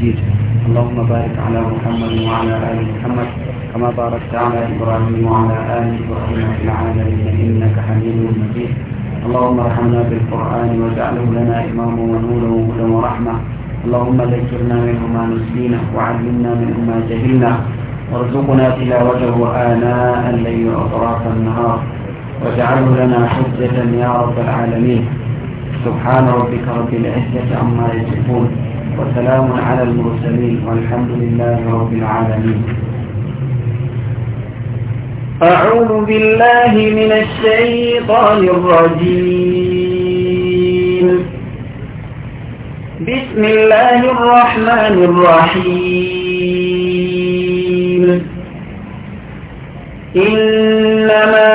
مجيد اللهم بارك على محمد وعلى آل محمد كما باركت على إبراهيم وعلى آل إبراهيم في العالمين إنك حميد مجيد اللهم ارحمنا بالقرآن واجعله لنا إماما ونورا وهدى ورحمة اللهم ذكرنا منه ما نسينا وعلمنا منه ما جهلنا وارزقنا تلاوته آناء الليل وأطراف النهار واجعله لنا حجة يا رب العالمين سبحان ربك رب العزة عما يصفون وسلام على المرسلين والحمد لله رب العالمين أعوذ بالله من الشيطان الرجيم بسم الله الرحمن الرحيم إنما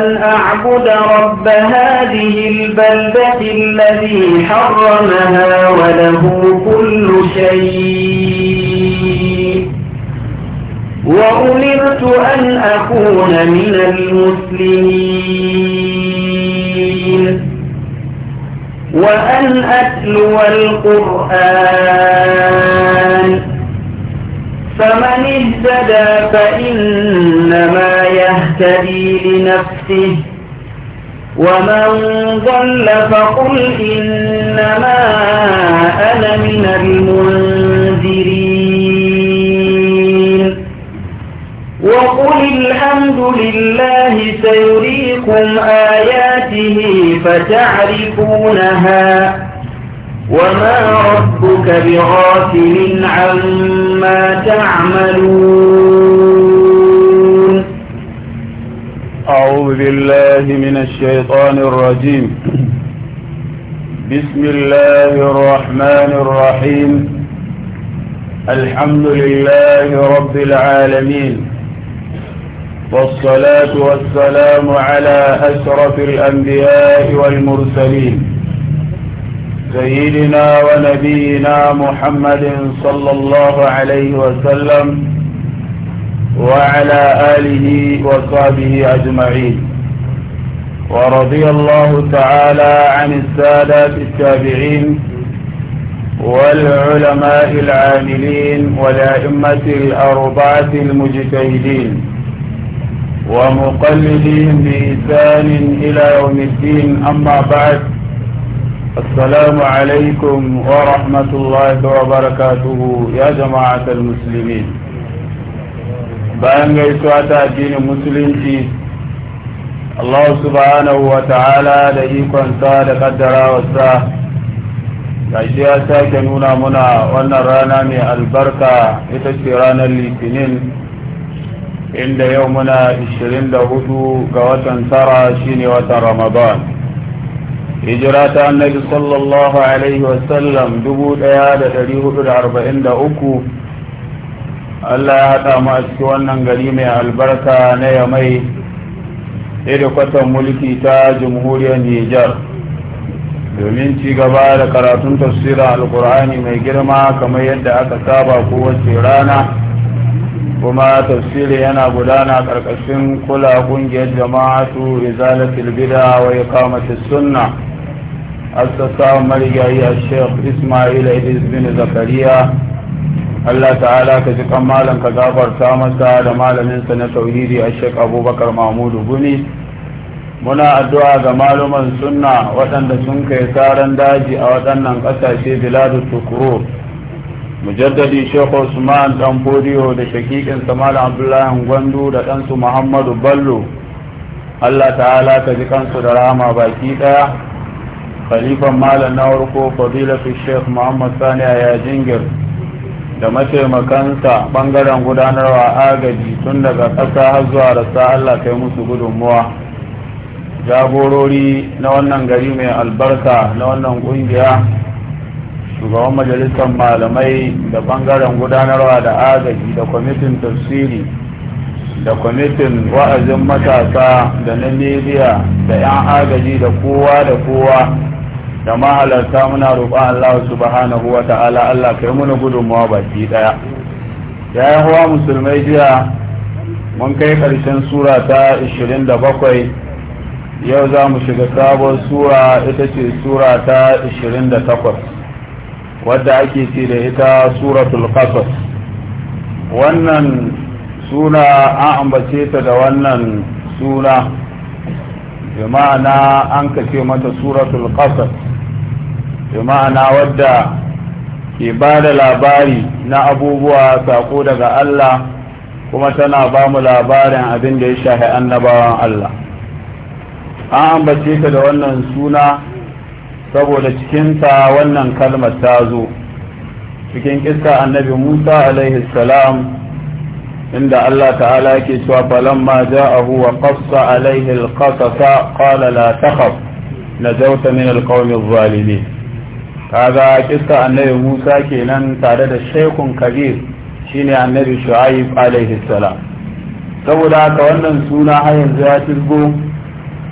أن أعبد رب هذه البلدة الذي حرمها وله كل شيء وأمرت أن أكون من المسلمين وأن أتلو القرآن فمن اهتدى فإنما يهتدي لنفسه ومن ضل فقل إنما أنا من المنذرين وقل الحمد لله سيريكم آياته فتعرفونها وما ربك بغافل عما تعملون أعوذ بالله من الشيطان الرجيم بسم الله الرحمن الرحيم الحمد لله رب العالمين والصلاة والسلام على أشرف الأنبياء والمرسلين سيدنا ونبينا محمد صلى الله عليه وسلم وعلى آله وصحبه أجمعين ورضي الله تعالى عن السادة التابعين والعلماء العاملين والأئمة الأربعة المجتهدين ومقلدين بإحسان إلى يوم الدين أما بعد السلام عليكم ورحمة الله وبركاته يا جماعة المسلمين بأن يسوى دين المسلمين الله سبحانه وتعالى لإيكم صادق الدرا والساه gashi ya sake nuna muna wannan rana mai albarka ita ce ranar litinin inda yau muna 24 ga watan tara shine watan ramadan hijira ta annabi sallallahu alaihi wasallam uku Allah ya haɗa mu a cikin wannan gari mai albarka na yamai kwatan mulki ta jamhuriyar Nijar domin ci gaba da karatun tafsirin alkur'ani mai girma kamar yadda aka saba kowace rana kuma tafsiri yana gudana ƙarƙashin kula ƙungiyar jama'atu izalatul bida wa iqamatus sunna assasa marigayi a sheikh ismail idris bin zakariya allah ta'ala ka ji malam ka gafarta masa da malaminsa na tauhidi a sheikh abubakar mahmudu guni muna addu'a ga malaman sunna waɗanda sun kai saran daji a waɗannan ƙasashe biladu tukuro mujaddadi sheikh usman ɗan fodiyo da shakikin malam abdullahi gwandu da ɗansu muhammadu ballo allah ta'ala ka ji kansu da rama baki ɗaya khalifan malam na farko fadilatu sheikh muhammad sani a yajingir da mataimakansa bangaren gudanarwa agaji tun daga ƙasa har zuwa rasa allah kai musu gudunmuwa jagorori na wannan gari mai albarka na wannan ƙungiya, shugaban majalisar malamai da bangaren gudanarwa da agaji da kwamitin tafsiri da kwamitin wa'azin matasa da na da 'yan agaji da kowa da kowa da mahalarta muna roƙon Allah subhanahu wa ta'ala Allah kai muna gudunmawa baki daya ya hawa musulmai jiya mun kai ƙarshen sura ta 27 yau za mu shiga sabon sura ita ce sura ta 28 wadda ake ce da ita suratul qasas wannan suna an ambace ta da wannan suna bi ma'ana an kace mata suratul qasas da ma'ana wadda ke ba da labari na abubuwa sako daga Allah kuma tana ba mu labarin abin da ya shahi annabawan Allah an ambace ta da wannan suna saboda cikinta wannan kalmar ta zo cikin kisa annabi Musa alaihi salam inda Allah ta'ala ke cewa falamma ja'ahu wa qassa alaihi alqasasa qala la takhaf najawta min alqawmi adh-dhalimin kaga kista annabi Musa kenan tare da shekun kabir shine annabi Shu'aib alaihi salam saboda haka wannan suna har yanzu ya tilgo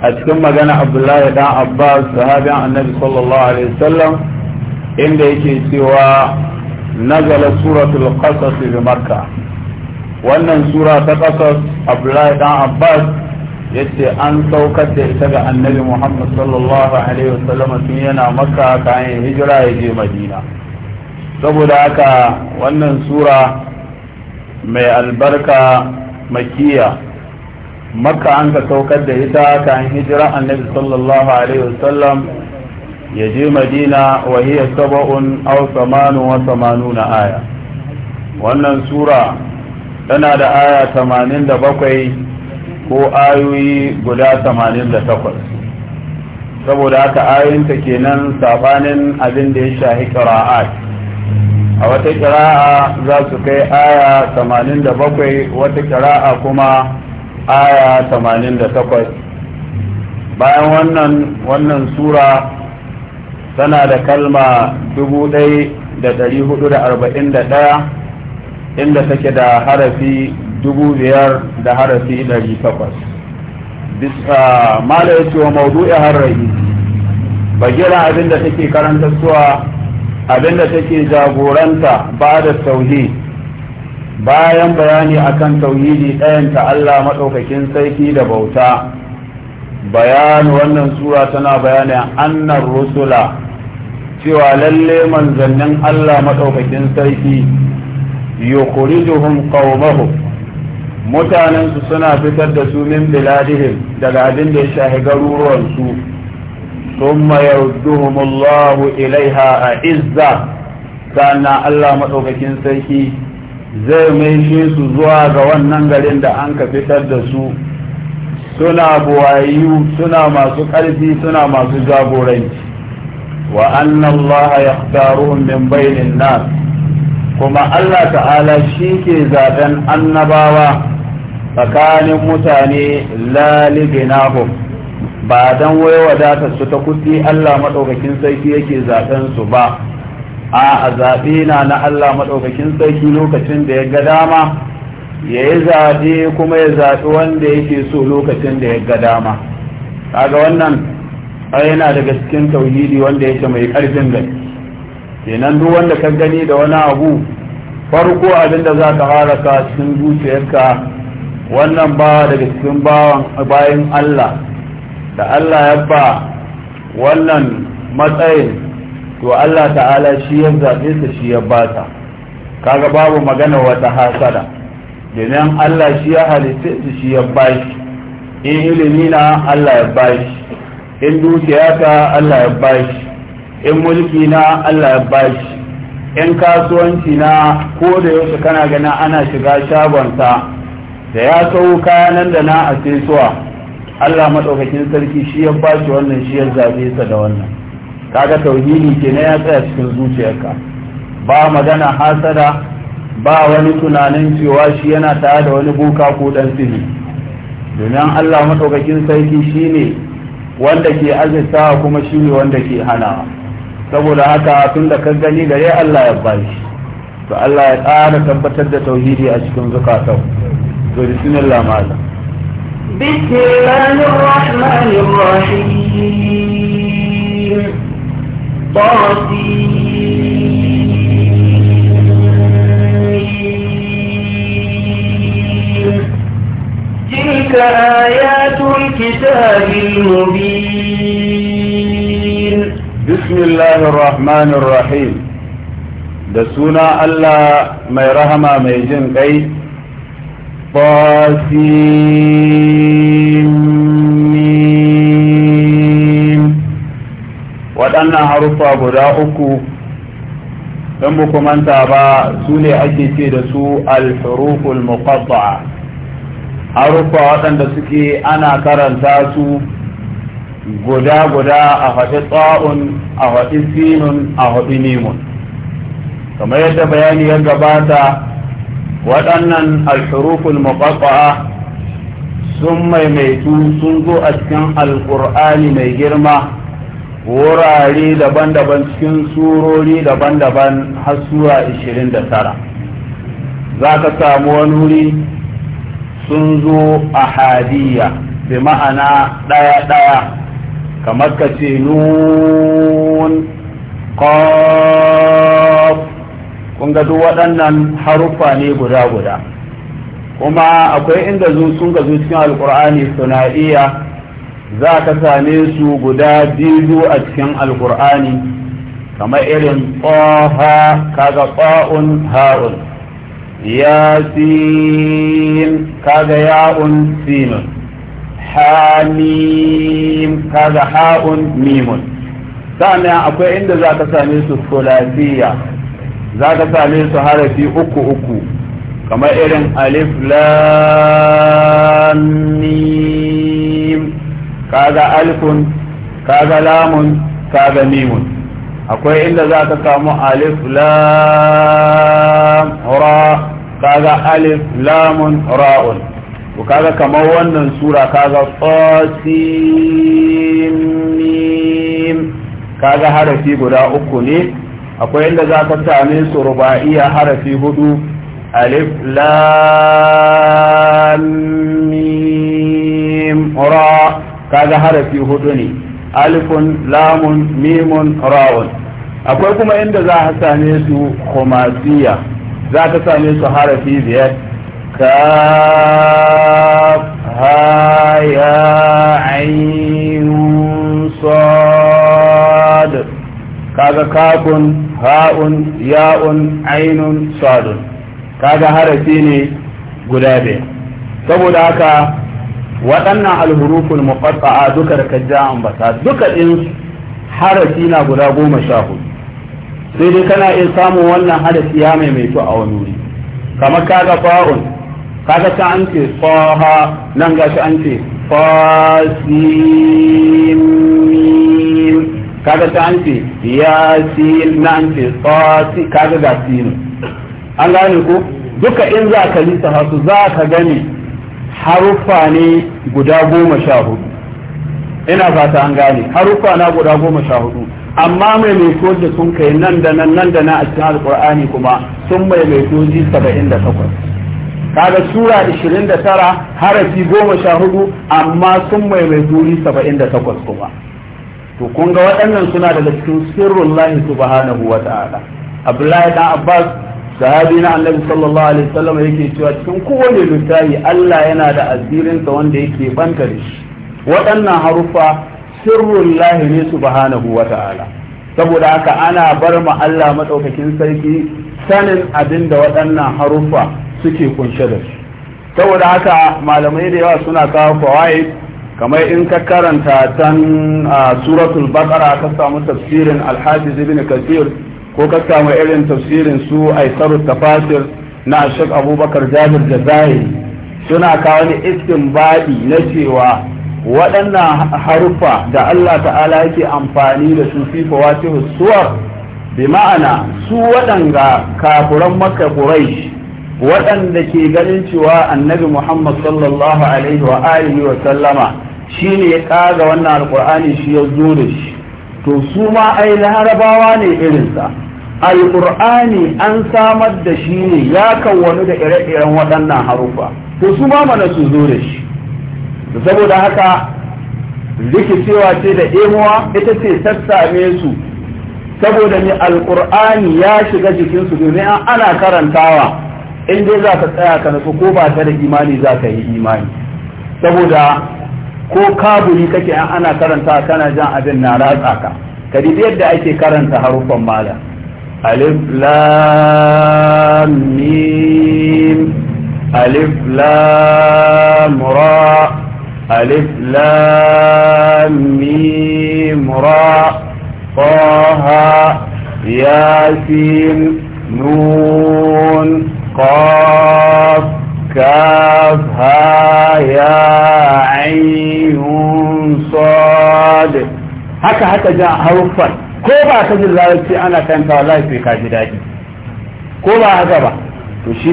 a cikin magana Abdullahi dan Abbas sahabin annabi sallallahu alaihi wasallam inda yake cewa nazala suratul qasas bi makkah wannan sura ta qasas Abdullahi dan Abbas yace an saukar da ita ga annabi muhammad sallallahu alaihi wasallam tun yana makka kayan hijira ya je madina saboda haka wannan sura mai albarka makiya maka an ka saukar da ita kayan hijira annabi sallallahu alaihi wasallam ya je madina wa hiya saba'un aw samanu wa samanu na aya wannan sura tana da aya 87 ko ayoyi guda 88 saboda haka ayoyinta kenan sabanin abin da ya shahi qira'at a wata qira'a za su kai aya 87 wata qira'a kuma aya 88 bayan wannan wannan sura tana da kalma 1441 inda take da harafi dubu biyar da harafi ɗari takwas bisa ah, mala ya ce wa maudu'i harrahi bagira abinda take karanta suwa abinda take jagoranta ba da tauhid bayan bayani akan tauhidi ɗayan ta Allah maɗaukakin sarki da bauta bayani wannan sura tana bayani annar rusula cewa lalle manzannin Allah maɗaukakin sarki yukhrijuhum qaumahum mutanensu suna fitar da su min biladihim daga abin da ya shahi garuruwansu ثم يردهم ilaiha a izza كان Allah مدوكين sarki. zai maishe su zuwa ga wannan garin da an ka fitar da su suna buwayu suna masu ƙarfi suna masu jagoranci wa annallaha yahtaruhum min bainin nas kuma Allah ta'ala shi ke zaben annabawa tsakanin mutane lalibinahum ba don wai su ta kuɗi Allah maɗaukakin sarki yake zaben su ba a zaɓe na na Allah maɗaukakin sarki lokacin da ya ga dama ya yi zaɓe kuma ya zaɓi wanda yake so lokacin da ya ga dama kaga wannan yana daga cikin tauhidi wanda yake mai ƙarfin gani kenan duk wanda ka gani da wani abu farko abin da za ka haraka cikin zuciyarka wannan ba daga cikin bayan Allah da Allah ya ba wannan matsayin to Allah ta'ala shi ya zaɓe ta shi ya bata kaga babu magana wata hasada domin Allah shi ya halitta shi shi ya bashi in ilimi na Allah ya bashi in dukiya ta Allah ya bashi in mulki na Allah ya bashi in kasuwanci na ko da yau kana gana ana shiga shagonsa da ya sau kayanan da na a suwa Allah maɗaukakin sarki shi ya bashi wannan shi ya zaɓe sa da wannan kaga tauhidi ke na ya tsaya cikin zuciyarka ba magana hasada ba wani tunanin cewa shi yana tare da wani buka ko ɗan sihiri domin Allah maɗaukakin sarki shi ne, wanda ke azurta kuma shi ne wanda ke hanawa saboda haka tun da ka gani da gare Allah ya bashi to Allah ya ƙara tabbatar da tauhidi a cikin zukatan to bismillah mala bismillahir rahmanir rahim تلك آيات الكتاب المبين بسم الله الرحمن da suna Allah mai rahama mai jin kai fasimim waɗannan harufa guda uku don ba manta ba sune ake ce da su alhuruful muqatta'a Haruffa waɗanda suke ana karanta su guda guda a haɗe tsa'un a haɗe sinun a haɗe nimun kamar yadda bayani ya gabata waɗannan alhuruful mafafa'a sun maimaitu sun zo a cikin alƙur'ani mai girma wurare daban-daban cikin surori daban-daban har sura 29 za ka samu wani wuri sun zo a hadiya bi ma'ana ɗaya-ɗaya kamar ka ce nun qaf kun ga duk waɗannan haruffa ne guda guda kuma akwai inda zu sun gazu cikin alqur'ani sunaiya za ka same su guda biyu a cikin alqur'ani kamar irin tsoha kaga tsa'un ha'un yasin kaga ya'un sinun hamim kaga ha'un mimun sannan akwai inda za ka same su kulasiya za ka same su harafi uku uku kamar irin alif lam kaga alfun kaga lamun kaga mimun akwai inda za samu alif lam lamun ra'un ku kaga kamar wannan sura kaga qasim kaga harafi guda uku ne akwai inda za ka same su ruba'iya harafi hudu alif lam ra kaga harafi hudu ne alifun lamun mimun ra'un akwai kuma inda za ka same su khumasiya za ka same su harafi biyar كافها يا عين صاد كذا كاف هاء ياء عين صاد كذا هرسيني قلابي سبو لك waɗannan alhuruful muqatta'a duka da kajja ambata duka din harafi na guda goma sha hudu sai dai kana iya samun wannan harafi ya maimaito a wani wuri kamar kaga fa'un kaga ta an ce faha nan ga shi an ce fasimim kaga ta an ce yasin na an ce fasi kaga ga sinu an gane ko duka in za ka lisa su za ka gani haruffa ne guda goma sha hudu ina fata an gane haruffa na guda goma sha hudu amma mai mai da sun kai nan da nan nan da nan a cikin alkur'ani kuma sun mai mai ji saba'in da takwas kaga sura 29 harafi 14 amma sun mai wuri 78 kuma to kun ga waɗannan suna daga cikin sirrun lahi subhanahu wa ta'ala abdullahi dan abbas sahabi na annabi sallallahu alaihi wasallam yake cewa cikin kowane littafi Allah yana da sa wanda yake banta da shi waɗannan harufa sirrullahi lahi ne subhanahu wa ta'ala saboda haka ana bar ma Allah madaukakin sarki sanin abin da waɗannan harufa suke kunshe da shi saboda haka malamai da yawa suna kawo fawaid kamar in ka karanta tan suratul baqara ka samu tafsirin al-hafiz ibn kathir ko ka samu irin tafsirin su aisaru tafasir na shek abubakar jabir jazairi suna kawo ne istinbadi na cewa waɗannan haruffa da Allah ta'ala yake amfani da su fi fawatihus suwar bi ma'ana su waɗanga kafuran makka quraish waɗanda ke ganin cewa annabi muhammad sallallahu alaihi wa alihi wa sallama shi ne ya kaga wannan alkur'ani shi ya zo da shi to su ma ai larabawa ne irinsa Alƙur'ani an samar da shi ne ya kawwani da ire-iren waɗannan harufa to su ma mana su zo da shi saboda haka rikicewa ce da emuwa ita ce sassame su saboda ne Alƙur'ani ya shiga jikinsu domin ana karantawa in dai za ka tsaya ka nasu ko ba ta da imani za ka yi imani saboda ko kaburi kake an ana karanta kana jan abin na ratsa ka ka yadda ake karanta haruffan mala alif lam mim alif lam ra alif lam mim ra قاف كاف ها يا عين صاد haka haka jan haruffan ko ba ذلك أنا larabci ana kanta wallahi كوبا daɗi ko ba haka ba to shi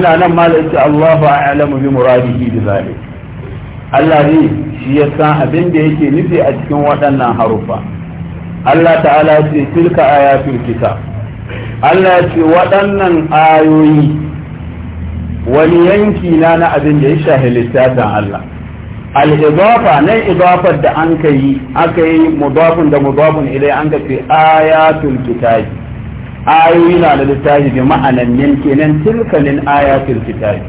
Allah ne shi ya san abin da yake nufi a cikin waɗannan haruffa Allah ta'ala ce tilka ayatul kitab Allah ce waɗannan ayoyi wani yanki na na abin da ya shahi littafin Allah al-idafa nan idafar da an ka yi aka yi mudafun da mudafun ilai an ka fi ayatul kitabi ayoyi na da littafi bi ma'anan kenan tilkalin ayatul kitabi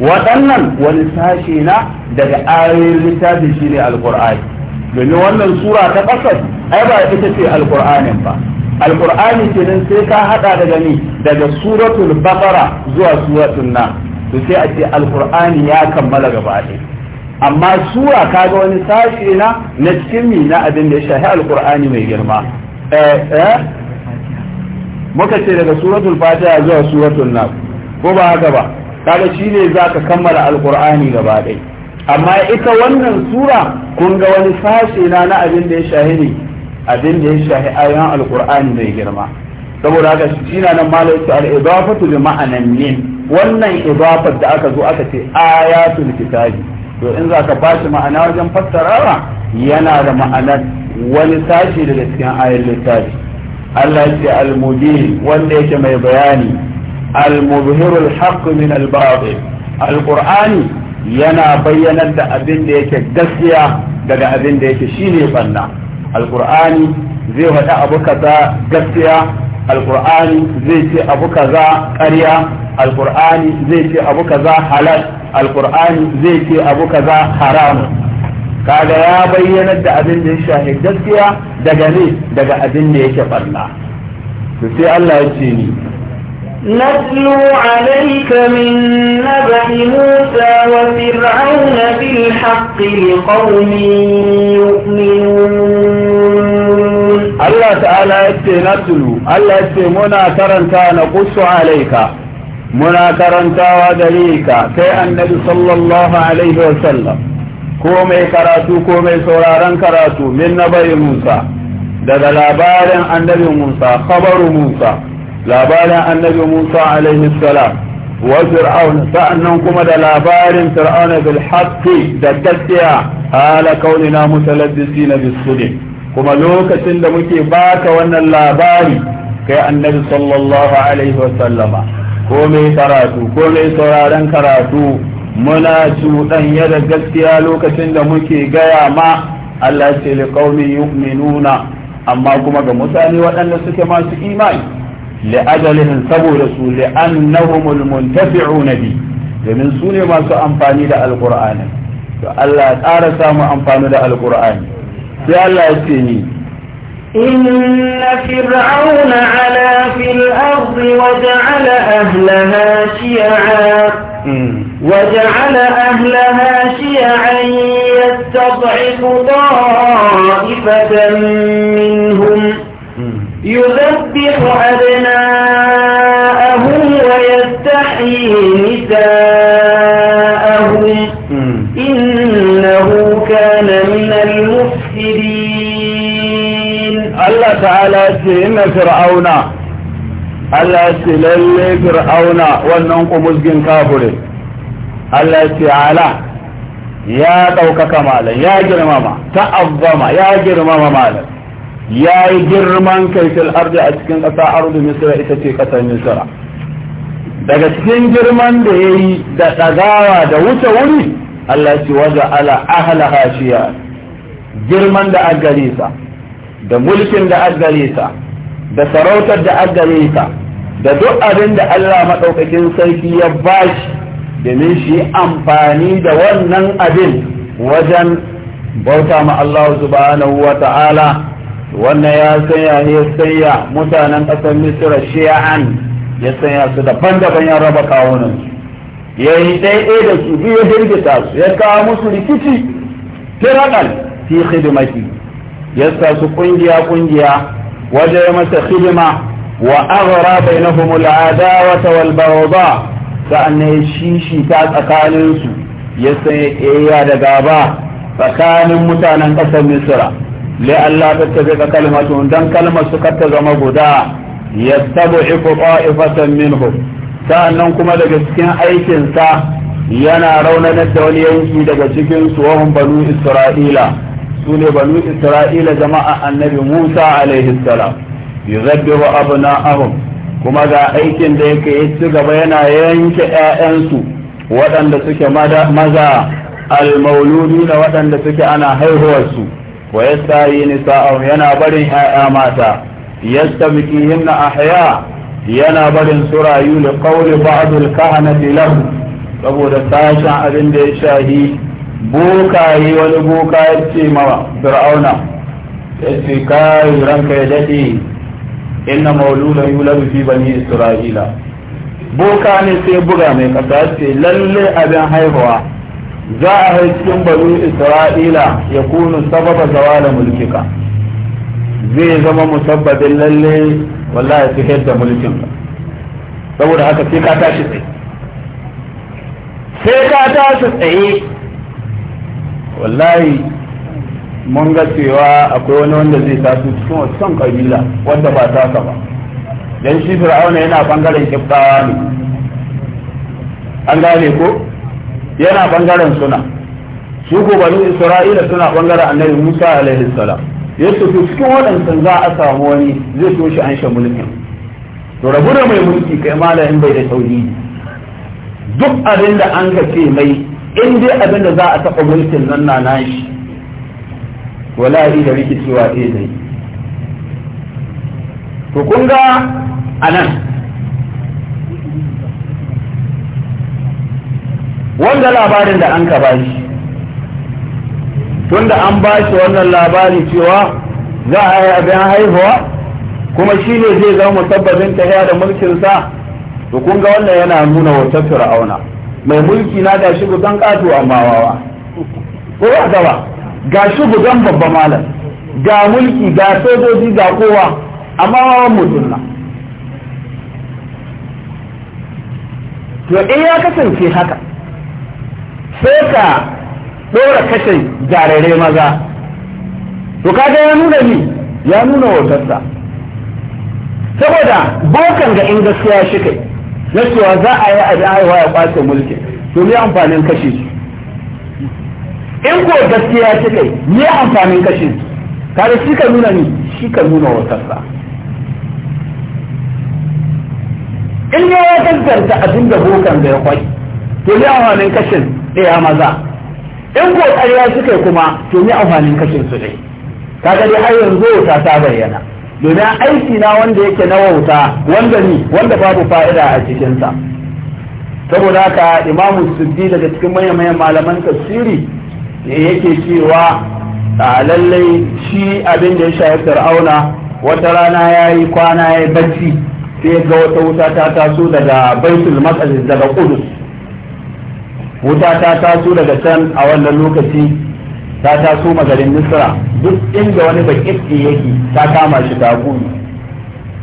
waɗannan wani sashi na daga ayoyin littafi shine alqur'ani domin wannan sura ta ƙasar ai ba ita ce alqur'anin ba alqur'ani kenan sai ka hada daga ni daga suratul baqara zuwa suratul na to sai a ce alqur'ani ya kammala gaba ɗaya amma sura kaga wani sashi na na cikin na abin da ya shahi alqur'ani mai girma eh, eh? muka ce daga suratul fatiha zuwa suratul nas ko ba haka ba kaga shine zaka kammala alqur'ani gaba ɗaya amma ita wannan sura kun ga wani sashe na na abin da ya shahiri abin da ya shahi ayoyin alkur'ani mai girma saboda haka shi na nan malai su al bi ma'anan min wannan idafar da aka zo aka ce ayatul kitabi to in za ka bashi ma'ana wajen fassarawa yana da ma'anar wani sashi daga cikin ayoyin littafi Allah ce al-mubin wanda yake mai bayani al-mubhirul haqq min al-batil al-qur'ani yana bayyanar da abin da yake gaskiya daga abin da yake shine banna alkur'ani zai faɗi abu kaza gaskiya alqur'ani zai ce abu kaza ƙarya alqur'ani zai ce abu kaza halal alqur'ani zai ce abu kaza haram kaga ya bayyana da abin da ya shahi gaskiya daga ne daga abin da yake barna to sai Allah ya ce ni نتلو عليك من نبأ موسى وفرعون بالحق لقوم يؤمنون الله تعالى اتي نتلو الله اتي منا كرنتا نقص عليك منا كرنتا ودليك كي النبي صلى الله عليه وسلم كومي كراتو كومي سورارا كراتو من نبأ موسى daga labarin annabi موسى خبر موسى labarin annabi musa alaihi salam wa fir'aun sa'annan kuma da labarin fir'auna bil haqqi da gaskiya ala kaunina mutalabbisi na bisudi kuma lokacin da muke baka wannan labari kai annabi sallallahu alaihi wa sallama ko mai karatu ko mai sauraron karatu muna cuɗanya da gaskiya lokacin da muke gaya ma Allah ce li qaumi yu'minuna amma kuma ga mutane waɗanda suke masu imani لأجل سبوا رسول لأنهم المنتفعون به لمن سوني ما سوى أنفاني دا القرآن فألا تارى سامو أنفاني دا القرآن فألا يسيني إن فرعون على في الأرض وجعل أهلها شيعا وجعل أهلها شيعا يستضعف طائفة منهم يذكر يسبح أبناءه ويستحيي نساءه إنه كان من المفسدين الله تعالى سيئنا فرعون الله سيئنا فرعون وأنهم مزقين كافر الله تعالى يا دوكك مالا يا جرماما تأظم يا جرماما مالا ya yi girman kai fil a cikin ƙasa ardu misra ita ce ƙasar misra daga cikin girman da ya yi da ɗagawa da wuce wuri Allah ce waje ala ahala hashiya girman da agarisa da mulkin da agarisa da sarautar da agarisa da duk abin da Allah maɗaukakin sarki ya bashi domin shi amfani da wannan abin wajen bauta ma Allah subhanahu wa ta'ala wannan ya sanya ya sanya mutanen ƙasar misira shi'an ya sanya su daban-daban ya raba kawunan ya yi ɗaya-ɗaya da su biyu hirgita su ya kawo musu rikici firaɗal fi hidimaki ya sa su ƙungiya-ƙungiya waje masa hidima wa aghra bainahumul adawata wal baghdha sa'annan ya shishi ta tsakaninsu ya sanya ƙeya da gaba tsakanin mutanen ƙasar misira la Allah ta tafi ka kalmatun dan kalmar su ta zama guda yastabiqu qa'ifatan minhu sa'annan kuma daga cikin aikin sa yana raunanar da wani yanki daga cikin su wahum banu isra'ila su ne banu isra'ila jama'a annabi Musa alaihi salam yuzabbiru abna'ahum kuma ga aikin da yake ya ci gaba yana yanke ƴaƴansu waɗanda suke maza al-mauluduna waɗanda suke ana haihuwarsu su wa yastahi nisa'ahum yana barin ya'ya mata yastabqihim na ahya yana barin surayu li qawli ba'd al-kahanati lahu saboda sashen abin da ya shahi bokaye wani boka ya ce ma fir'auna ya kai ranka ya dade inna mauludan yuladu fi bani isra'ila boka ne sai buga mai kasa ce lalle abin haihuwa za a haifin bari isra'ila ya kunu sababa zawala mulkika zai zama musabbabin lalle wallahi su da mulkin saboda haka sai ka tashi tsaye sai ka tashi tsaye wallahi mun ga cewa akwai wani wanda zai taso cikin wasu son kabila wanda ba ta ba dan shi fir'auna yana bangaren kibtawa ne an gane ko yana bangaren suna su ko isra'ila suna bangaren annabi musa alaihi salam ya to cikin waɗansan za a samu wani zai toshe an sha mulkin to rabu da mai mulki kai malamin bai da tauhidi duk abin da an ka mai in dai abin da za a taɓa mulkin nan na nashi wallahi da rikicewa ɗaya eh zai to kun ga anan wanda labarin da an ka bashi tunda an bashi wannan labari cewa za a yi abin haihuwa kuma shi ne zai zama musabbabin ya da mulkinsa to kun ga wannan yana nuna wata fir'auna mai mulki na ga shi gudan ƙato amma wawa ko ba gaba ga shi gudan babba malam ga mulki ga sojoji ga kowa amma wawan mutum na to in ya kasance haka sai ka ɗora kashe jarare maza to kaga ya nuna ni ya nuna wautarsa saboda bokan ga in gaskiya shi kai na cewa za a yi a da'awa ya kwace mulki to me amfanin kashe shi in ko gaskiya shi kai me amfanin kashe shi kada shi ka nuna ni shi ka nuna wautarsa in ya ya gaggarta abin da bokan da ya kwai to me amfanin kashin ɗaya maza in ko ƙarya suka kuma to ni amfanin kashin su ne kaga dai har yanzu wuta ta bayyana domin aiki na wanda yake na wauta wanda ni wanda babu fa'ida a cikinsa saboda haka imamu suddi daga cikin manyan malaman tafsiri yake cewa a lallai shi abin da ya shafi fir'auna wata rana ya yi kwana ya yi bacci sai ga wata wuta ta taso daga baitul maqdis daga kudus wuta ta taso daga can a wannan lokaci ta taso magarin misra duk inda wani baƙiƙi yake ta kama shi ta gumi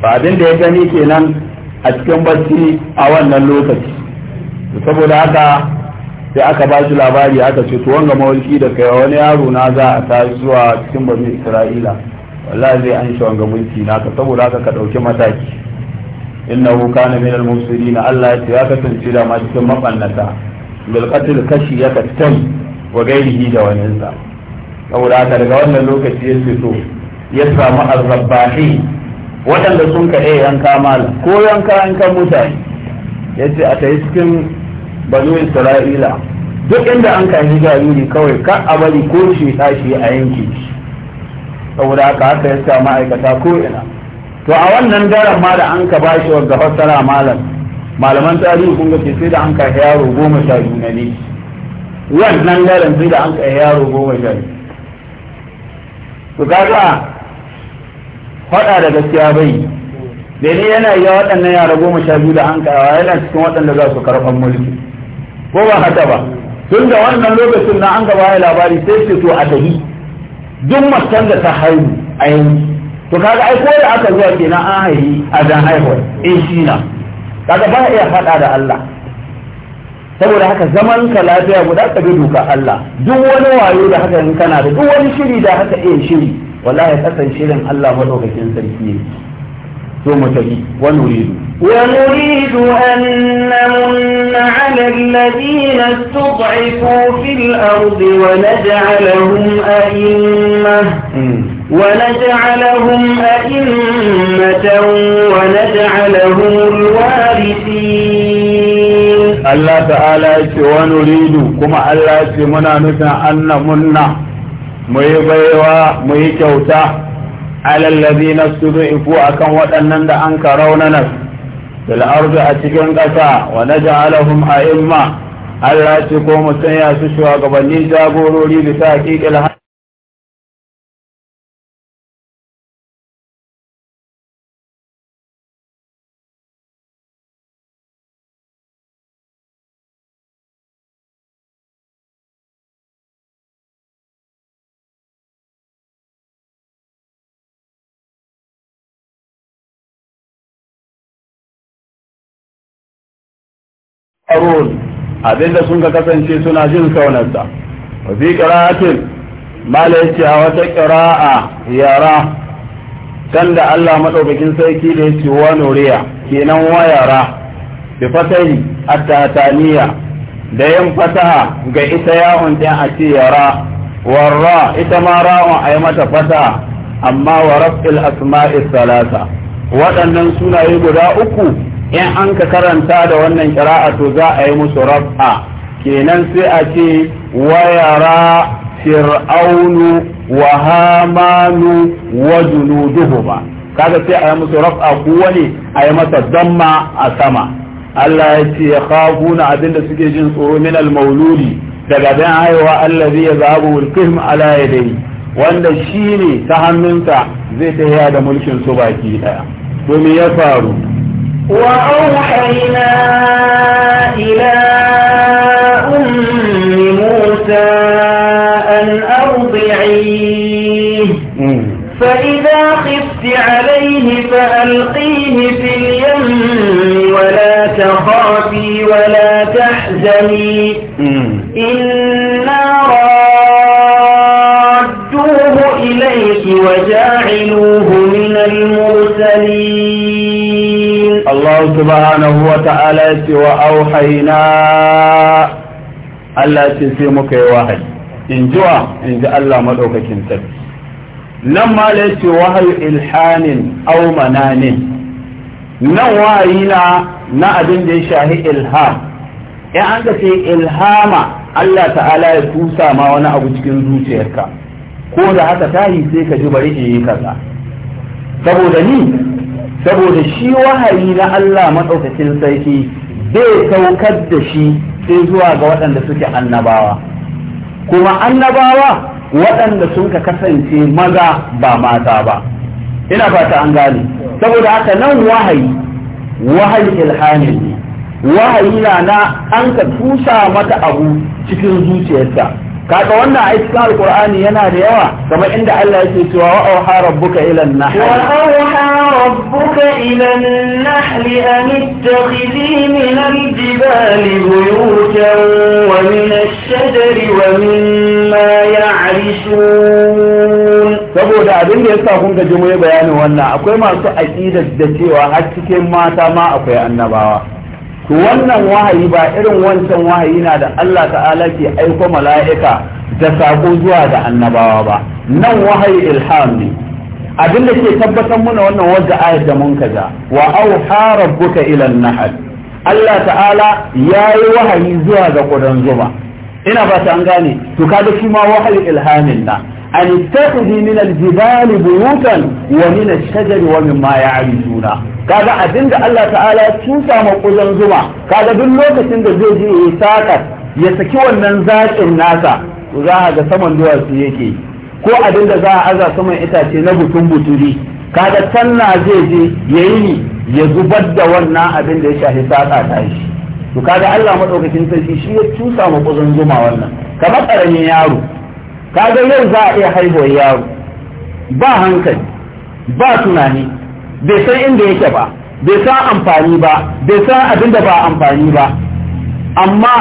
ba abin da ya gani kenan a cikin barci a wannan lokaci saboda haka sai aka ba shi labari aka ce to wanga mawalki da kai wani yaro na za a ta zuwa cikin bani isra'ila wallahi zai an shi wanga mulki ka saboda haka ka ɗauki mataki innahu kana minal al na Allah ya ce ya kasance da ma cikin mabannata bilkatul kashi ya kattan wa gairihi da waninsa saboda haka daga wannan lokaci ya ce so ya samu arrabbahi waɗanda sun ka iya yanka mala ko yanka yankan mutane ya ce a tayi cikin banu isra'ila duk inda an ka yi jariri kawai ka a bari ko shi tashi a yanki saboda haka haka ya samu ma'aikata ko ina to a wannan daren ma da an ka bashi wa fassara malam malaman tarihi kun ce sai da an kai yaro goma sha biyu na ne wannan garin sai da an kai yaro goma sha biyu to kaga faɗa da gaskiya bai da ne yana iya waɗannan yara goma sha biyu da an kawa yana cikin waɗanda za su karɓar mulki ko ba haka ba tun da wannan lokacin na an gaba ya labari sai ce to a tafi duk matan da ta haihu a yanzu to kaga ai ko da aka zuwa kenan an haihu a dan haihuwar in eh shi na kaga ba iya haɗa da Allah saboda haka zaman ka lafiya guda ka bi doka Allah duk wani wayo da haka in kana da duk wani shiri da haka iya shiri wallahi kasan shirin Allah madaukakin sarki ne to mu tafi wa nuridu wa nuridu an namunna ala alladhina istud'ifu fil ardi wa naj'alahum a'immah ونجعلهم أئمة ونجعلهم Allah ta'ala ce wani ridu kuma Allah yake muna nufin anna munna mu yi baiwa mu yi kyauta alallazi na sudu a akan waɗannan da an karauna nan bil a cikin ƙasa wa a a'imma Allah ce ko mu sanya su shugabanni jagorori bisa haqiqil qarun abinda sun ka kasance suna jin saunarsa. wa fi qira'atin mala yace a wata qira'a yara kan da Allah madaukakin sarki da yace wa nuriya kenan wa yara bi fatai at-tataniya da yan fataha ga ita yawon ɗin a ce yara warra ita ma ra'un a yi mata fataha amma wa rafil asma'is salasa waɗannan sunaye guda uku in an ka karanta da wannan kira'a to za a yi musu raf'a kenan sai a ce wayara fir'aunu wa hamanu wa junuduhuma kaga sai a yi musu raf'a ko wani a yi masa damma a sama Allah ya ce khafuna abinda suke jin tsoro min al-mauludi daga dan haihuwa Allah yazabu al-kihm ala yadayhi wanda ne ta hannunsa zai tafiya da mulkin su baki daya to me ya faru وأوحينا إلى أم موسى أن أرضعيه فإذا خفت عليه فألقيه في اليم ولا تخافي ولا تحزني إنا رادوه إليك وجاء subhanahu wa ta'ala ce wa auhaina Allah ce sai muka yi wahayi in ji wa in ji Allah madaukakin sarki nan ma da yace wahayu ilhanin aw mananin nan wahayi na na abin da ya shahi ilham in an ka ce ilhama Allah ta'ala ya tusa ma wani abu cikin zuciyarka ko da haka tahi sai ka ji bari in yi saboda ni saboda shi wahayi na Allah matsaukacin sarki bai saukar da shi sai zuwa ga waɗanda suke annabawa kuma annabawa waɗanda sun ka kasance maza ba mata ba ina fata an gane saboda haka nan wahayi wahayi ilhamin ne wahayi na na an ka tusa mata abu cikin zuciyarsa kaga wannan a cikin alqur'ani yana da yawa kamar inda Allah yake cewa wa auha rabbuka ila an-nahl wa auha rabbuka ila an-nahl an ittakhidhi min al-jibali buyutan wa min ash-shajari wa mimma ya'rishun saboda abin da yasa kun ga jumu'ai bayanin wannan akwai masu aqidar da cewa har cikin mata ma akwai annabawa to wannan wahayi ba irin wancan wahayi na da Allah ta'ala ke aiko mala'ika da sako zuwa ga annabawa ba nan wahayi ilham ne abin da ke tabbatar mana wannan wadda ayar da mun kaza wa auha rabbuka ila nahal Allah ta'ala yayi wahayi zuwa ga kudan zuma ina ba ta an gane to kaga shi ma wahayi ilhamin na an takhudi min aljibali buyutan wa min ash-shajari wa mimma ya'rifuna kaga abinda Allah ta'ala ya ma kudan zuma kaga duk lokacin da zai je ya saka ya saki wannan zaƙin nasa za a ga saman duwatsu yake ko abinda za a aza saman itace na butun buturi kaga tanna zai je yayi ni ya zubar da wannan abin da ya shafi saka ta shi to kaga Allah madaukakin sarki shi ya tusa ma kudan zuma wannan kamar ƙaramin yaro kaga yau za a iya haihuwar yaro ba hankali ba tunani bai san inda yake ba bai san amfani ba bai san abin da ba amfani ba amma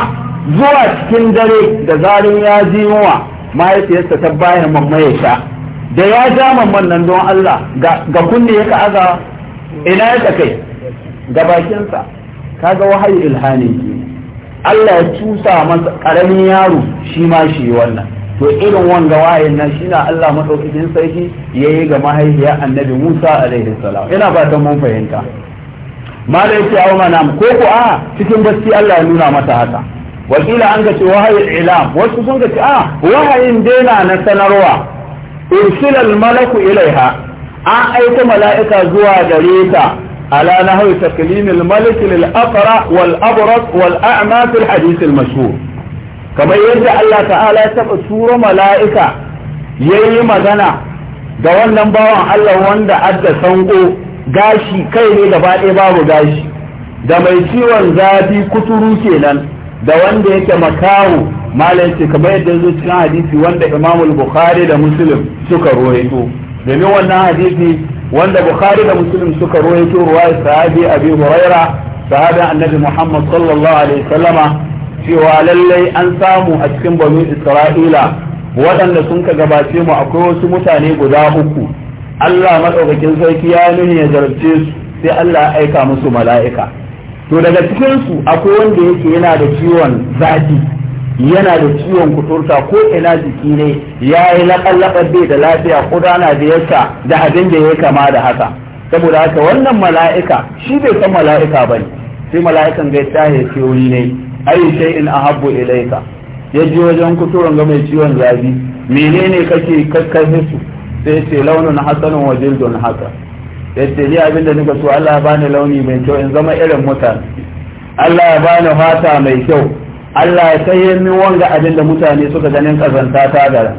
zuwa cikin dare da zarin ya ji yunwa mahaifiyarsa ta bayan mamma ya sha da ya ja mamman nan don Allah ga kunne ya aza ina ya kai ga bakinsa Ka ga wahayi ilhani Allah ya cusa masa karamin yaro shi ma shi wannan to irin wanga wayin nan shine Allah madaukakin sarki yayi ga mahaifiya annabi Musa alaihi salam ina fatan mun fahimta malai ce awa manam ko ko a cikin gaskiya Allah ya nuna mata haka wakila an ga ce wahayin ilam wasu sun ga ce a ah, wahayin dena na sanarwa ursilal malaku ilaiha an aika mala'ika zuwa gare ta ala nahwi taklimil malik lil aqra wal abras wal a'ma fil hadith al mashhur kamar yadda Allah ta'ala ya taɓa tura mala'ika ya yi magana ga wannan bawan Allah wanda adda sanko gashi kai ne gaba ɗaya babu gashi da mai ciwon zafi kuturu kenan da wanda yake makawo malam ce kamar yadda zo cikin hadisi wanda Imam Bukhari da Muslim suka rawaito domin wannan hadisi wanda Bukhari da Muslim suka rawaito ruwayar sahabi Abi Huraira sahabi Annabi Muhammad sallallahu alaihi wasallama cewa lallai an samu a cikin banu isra'ila waɗanda sun ka gabace mu akwai wasu mutane guda uku Allah maɗaukakin sarki ya nuni ya jarabce su sai Allah ya aika musu mala'ika to daga cikin su akwai wanda yake yana da ciwon zafi yana da ciwon kuturta ko ina jiki ne ya yi laƙallaɓar bai da lafiya kudana da yasa da abin da ya kama da haka saboda haka wannan mala'ika shi bai san mala'ika ba ne sai mala'ikan ga ya ce wuri ne ayi in ahabbu ilayka yaji wajen kuturan ga mai ciwon zabi menene kake kakkafe su sai ce launin hasanun wa jildun haka yace ni abin nika so Allah ya bani launi mai kyau in zama irin mutane Allah ya bani fata mai kyau Allah ya saye min wanga abin da mutane suka ganin kazanta ta gara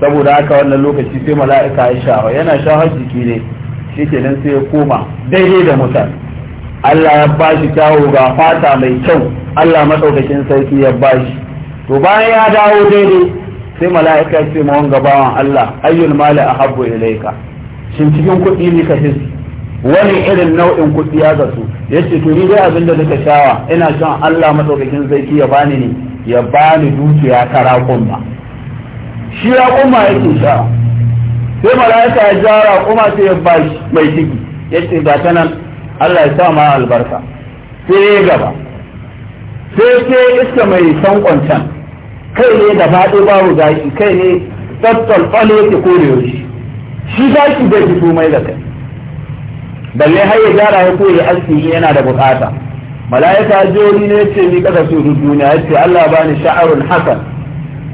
saboda haka wannan lokaci sai mala'ika ya shawa yana shawar jiki ne shikenan sai ya koma daidai da mutane Allah ya bashi kyawu ga fata mai kyau Allah masaukakin sarki ya bashi to bayan ya dawo daidai sai mala'ika ce ma wanga bawan Allah ayyul mali ahabbu ilayka shin cikin kuɗi ne ka hisi wani irin nau'in kuɗi ya gasu yace to ni dai abin da nake shawa ina son Allah masaukakin sarki ya bani ne ya bani dukiya ta raƙumma shi raƙumma yake sha sai mala'ika ya ja kuma sai ya bashi mai ciki yace ga tanan Allah ya sa ma albarka sai gaba sai sai iska mai sankwancan kai ne da faɗo babu zaki kai ne ƙwale yake kore yau shi zaki bai fito mai da kai balle har ya gyara ya koyi aski yana da bukata mala'ika joni ne ce ni kada su duniya ya ce Allah bani sha'arun hasan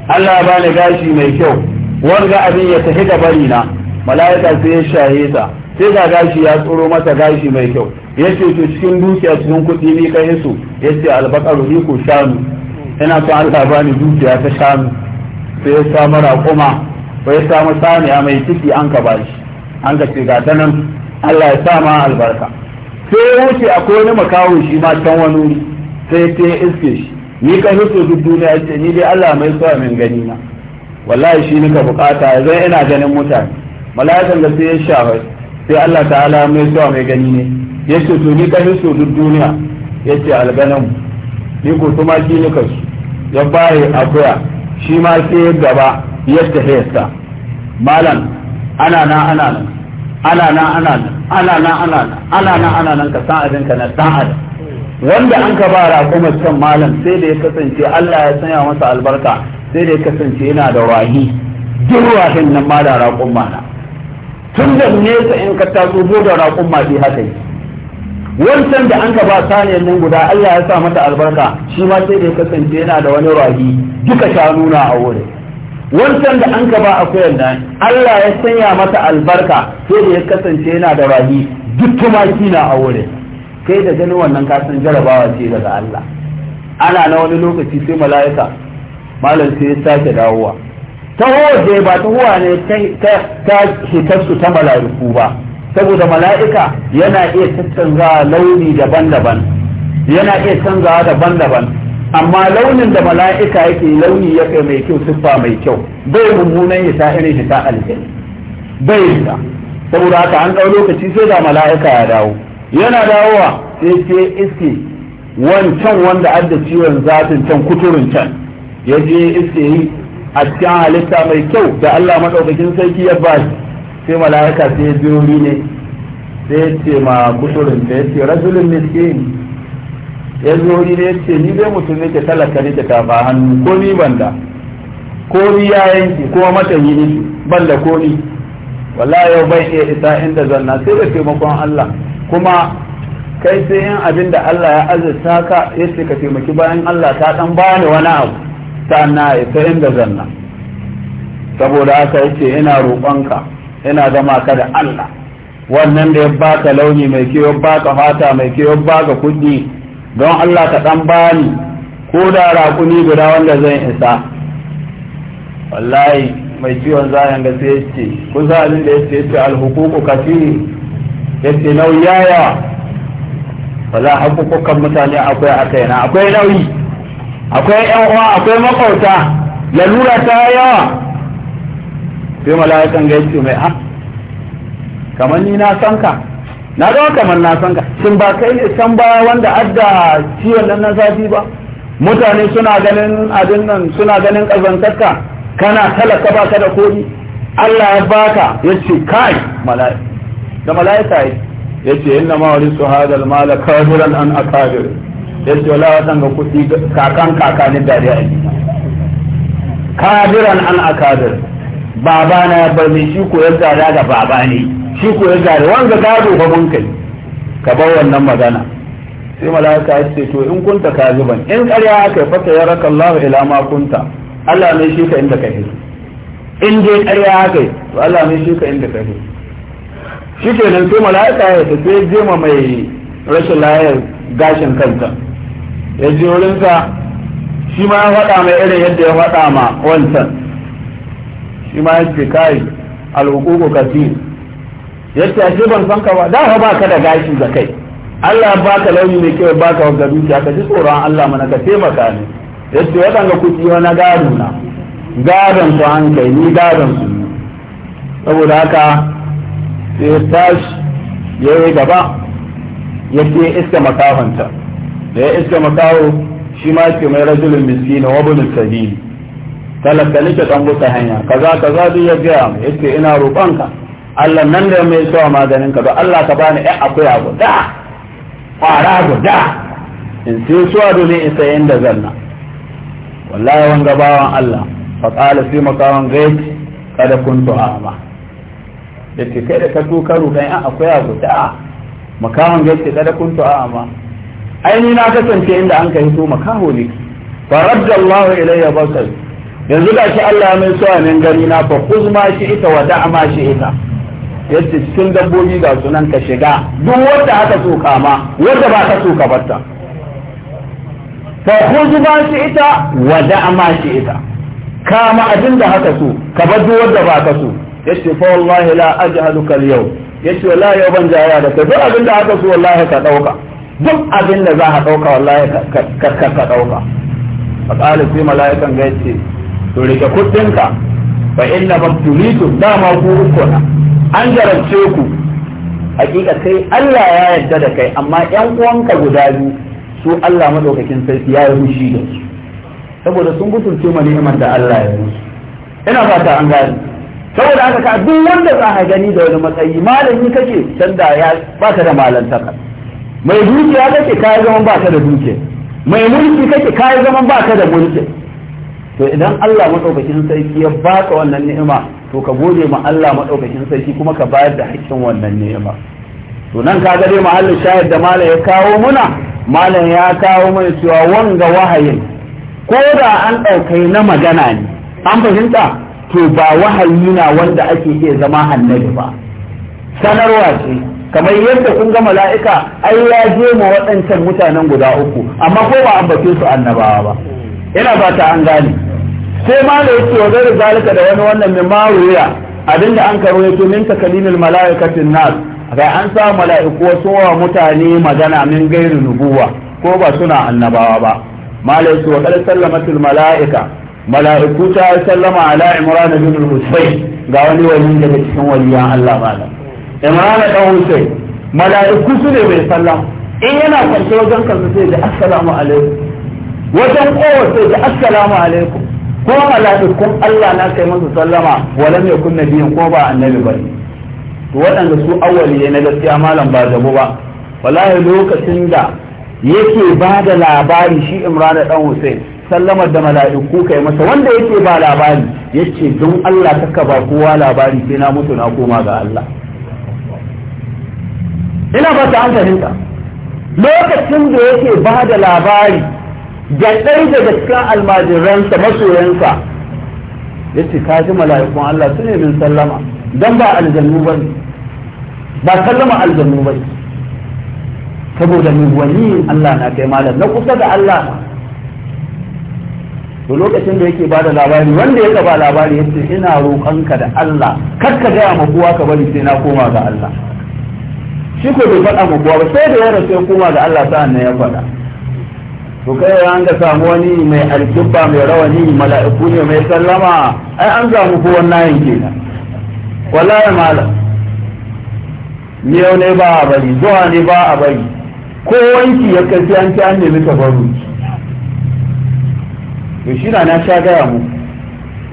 Allah bani gashi mai kyau wanga abin ya tafi da bari na mala'ika sai ya shaye ta sai ga gashi ya tsoro masa gashi mai kyau ya ce to cikin dukiya cikin kuɗi ni yi su ya ce albakar ni ko shanu ina son Allah bani dukiya ta shanu sai ya samu raƙuma ko ya samu a mai ciki an ka shi an ka ce ga ta nan Allah ya sa ma albarka sai ya wuce akwai wani makawo shi ma can wani wuri sai ta iske shi ni yi su duk duniya ce ni dai Allah mai so min gani na wallahi shi ka bukata yanzu ina ganin mutane mala'ikan da sai ya shafa sai Allah ta'ala mai zuwa mai gani ne ya ce to ni kanin su duk duniya ya ce alganan ni ko tumaki ne kansu ya baye akuya shi ma sai gaba ya hesa. malam ana na ana nan ana na ana nan ana na ana nan ana na ana nan ka san abin ka na sa'ad wanda an ka ba kuma san malam sai da ya kasance Allah ya sanya masa albarka sai da ya kasance yana da rahi duk rahin nan ma da raƙumma na tun da nesa in ka taso da raƙun mafi haka wancan da an ka ba saniyar nan guda Allah ya sa mata albarka shi ma sai da ya kasance yana da wani rahi duka shanu nuna a wurin wancan da an ka ba akuyar nan Allah ya sanya mata albarka sai da ya kasance yana da rahi duk tumaki na a wurin kai da ganin wannan ka san jarabawa ce daga Allah ana na wani lokaci sai mala'ika malam sai ya sake dawowa taho hoje ba tahowa ne ta hitarsu ta mala'iku ba saboda mala'ika yana iya canza launi daban-daban yana iya canzawa daban-daban amma launin da mala'ika yake launi ya kai mai kyau siffa mai kyau bai mummunan hita irin ta aljani bai hita saboda haka an ɗau lokaci sai da mala'ika ya dawo yana dawowa sai ce iske wancan wanda adda ciwon zafin can kuturin can ya je iske yi a cikin halitta mai kyau da Allah maɗaukakin sarki ya ba shi sai mala'ika sai ya biyo ne sai ya ce ma kusurin da ya ce rajulun miskin ya zo ne ya ce ni zai mutum ne ke talaka ne ke tafa hannu ko ni banda ko ni ya yanki ko mata yi ni banda ko ni wallahi yau bai iya isa inda zanna sai da taimakon Allah kuma kai sai yin abin da Allah ya azurta ka ya ce ka taimaki bayan Allah ta dan bani wani abu na ta inda zanna saboda haka yace ina roƙonka ina zama ka da Allah wannan da ya baka launi mai kyau ya baka fata mai kyau ya baka kuɗi don Allah ka dan bani ko da raƙuni guda wanda zan isa wallahi mai ciwon zayan ga sai yace kusa alin da yace yace alhuququ kafi yace nauyaya wala haƙuƙukan mutane akwai a na akwai nauyi akwai yan uwa akwai makauta lalura ta yawa sai mala'ikan ga yake mai a ah, kamar ni na san ka na ga kamar na san ka shin ba kai ne san ba wanda adda ciwon nan na zafi ba mutane suna ganin abin nan suna ganin kazantarka kana talaka ba ka da kodi Allah ya baka yace kai mala'ika da mala'ika yace inna ma walisu hadal mala kafiran an akabir da su wala wasan ga kuɗi kakan kakani dariya a jima kadiran an kadir baba na ya bar mai shi koyar ya ga baba ne shi koyar ya gada wanda gado ba mun kai ka bar wannan magana sai malaka ya ce to in kunta zuban in karya aka yi fata ya raka Allah ila ma kunta Allah ne shi ka inda ka hito in dai karya aka yi to Allah ne shi ka inda ka hito shi nan sai malaka ya tafi je ma mai rashin layar gashin kanta ya ji wurinsa shi ma ya faɗa mai irin yadda ya faɗa ma wancan shi ma ya ce kai alhukuku kasir ya ce ashe ban san ka ba da ba ka da gashi da kai Allah ba ka launi mai kyau ba ka wanda dukiya ka ji tsoron Allah mana ka taimaka ne ya ce waɗanda kuɗi wani gado na gadon su an kai ni gadon su saboda haka sai tashi ya yi gaba ya ce iska makafanta da ya iska makawo shi ma ke mai rajulun miskina wa bunul sabili talaka nake dan buta hanya kaza kaza duk ya gaya mai yace ina roƙonka Allah nan da mai sawa maganin ka don Allah ka bani ɗan akuya guda ƙwara guda in sai suwa domin in sai inda zanna wallahi wanga gabawan Allah fa qala fi makawan gaiti kada kuntu a'ma yace kai da ka tukaro dan akuya guda makawan gaiti kada kuntu a'ma aini na kasance inda an kai so makaho ne fa radda Allah ilayya basar yanzu shi Allah mai so anin gani na fa kuzma shi ita wa da'ama shi ita yace cikin dabbobi ga sunan ka shiga duk wanda aka so ma wanda ba ka so ka barta fa kuzma shi ita wa da'ama shi ita kama abin da haka so ka bar duk wanda ba ka so yace fa wallahi la ajhaluka al-yawm yace wallahi yau ban jaya da ka duk abin da haka so wallahi ka dauka duk abin da za a ɗauka wallahi ka ɗauka a tsalin sai mala'ikan ga ce to rike kuɗinka fa inna tulitu dama ku uku an jarabce ku hakika sai Allah ya yarda da kai amma 'yan uwanka guda biyu su Allah madaukakin sarki ya yi da su saboda sun gutulce ma ni'imar da Allah ya yi ina fata an gani saboda haka ka duk wanda za ka gani da wani matsayi malami kake can ya, ya baka da malantaka mai dukiya kake kayi zaman ba da dukiya mai mulki kake kayi zaman ba da mulki to idan Allah madaukakin sarki ya baka wannan ni'ima to ka gode ma Allah madaukakin sarki kuma ka bayar da hakkin wannan ni'ima to nan ka ga dai mahallin shahid da malam ya kawo muna malam ya kawo mana cewa wanga wahayin ko da an ɗaukai na magana ne an fahimta to ba wahayi na wanda ake iya zama annabi ba sanarwa ce kamar yadda kun ga mala'ika ai ya je ma waɗancan mutanen guda uku amma ko ba ambace su annabawa ba ina ba ta an gane sai ma da yake wa gari zalika da wani wannan mai maruya abinda an karo yake min takalimin mala'ikatin nas ga an sa mala'iku wasu wa mutane magana min gairi nubuwa ko ba suna annabawa ba malai su wa kada sallamatul mala'ika mala'iku ta sallama ala imran bin al-husayn ga wani wali daga cikin waliyan Allah malam imana dan hussein mala'iku su ne mai sallah in yana kwanci wajen kansa sai da assalamu alaikum wajen kowa sai da assalamu alaikum ko mala'ikun Allah na kai masa sallama walam yakun biyan ko ba annabi ba to waɗanda su awwali na gaskiya malam ba zabo ba wallahi lokacin da yake ba da labari shi Imran dan Hussein sallamar da mala'iku kai masa wanda yake ba labari yace don Allah ka ba kowa labari sai na mutu na koma ga Allah ina ba ta an fahimta lokacin da yake ba da labari ga ɗaya daga cikin almajiransa masoyansa ya ce ka ji mala'ikun Allah su ne min sallama don ba aljannu ba ne ba sallama aljannu ba ne saboda mai waliyin Allah na kai malam na kusa da Allah to lokacin da yake bada labari wanda ya ba labari yace ina roƙonka da Allah kar ka gaya ma kuwa ka bari sai na koma ga Allah shi ko bai faɗa mu ba sai da yana sai kuma da Allah ta nan ya faɗa to kai ya an ga samu wani mai alkibba mai rawani mala'iku ne mai sallama ai an ga mu ko wannan kenan wallahi malam miyau ne ba a bari zuwa ne ba a bari ko wanki ya kai an ci an nemi tabarruki to shi na na sha gaya mu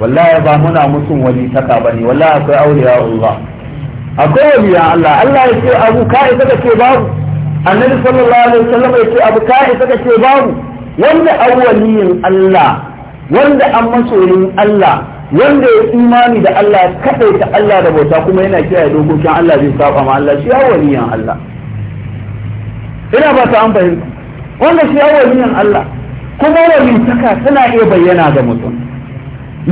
wallahi ba muna mutum wani taka bane wallahi akwai auliya Allah akwai waliya Allah Allah ya ce abu ka isa ka ce babu annabi sallallahu alaihi wasallam ya ce abu ka isa ka ce babu wanda awwaliyin Allah wanda an masoyin Allah wanda ya imani da Allah kadai ta Allah da bauta kuma yana kiyaye dokokin Allah zai saba ma Allah shi awwaliyin Allah ina ba ta an fahimta wanda shi awwaliyin Allah kuma walitaka tana iya bayyana ga mutum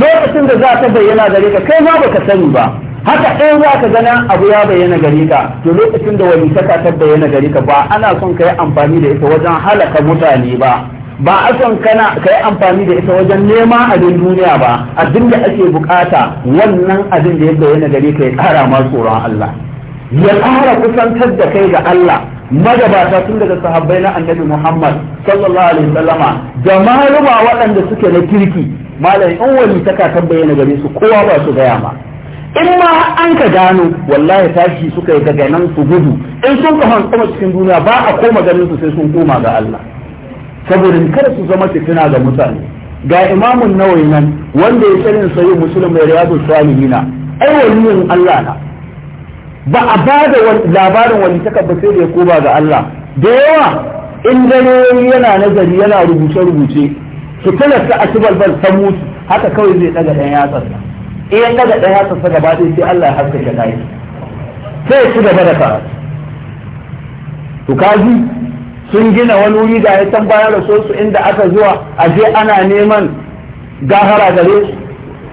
lokacin da za ta bayyana gare ka kai ma baka sani ba haka ɗaya za ka gana abu ya bayyana gari ka to lokacin da wani saka ta bayyana gari ka ba ana son ka yi amfani da ita wajen halaka mutane ba ba a son kana ka yi amfani da ita wajen nema abin duniya ba abin da ake bukata wannan abin da ya bayyana gari ka ya kara ma tsoron Allah ya ƙara kusantar da kai ga Allah magabata tun daga sahabbai na annabi Muhammad sallallahu alaihi wasallama da maluma waɗanda suke na kirki malai in wani ta bayyana gare su kowa ba su gaya ma in ma an ka gano wallahi tashi suka yi daga nan su gudu in sun ka kuma cikin duniya ba a koma ganin su sai sun koma ga Allah saboda kada su zama fitina ga mutane ga imamun nawayi nan wanda ya sanin sayi musulun mai riyadu salihina ai waliyin Allah na ba a ba da labarin wani takabba sai da ya koba ga Allah da yawa in gano yana nazari yana rubuce-rubuce su tilasta a tubalbal ta mutu haka kawai zai daga ɗan yatsarsa in ya daga ɗaya sassa gaba ɗaya sai Allah ya haska shi ɗaya sai su gaba da karatu to kaji sun gina wani wuri da ya san da rasuwarsu inda aka zuwa a je ana neman gahara gare su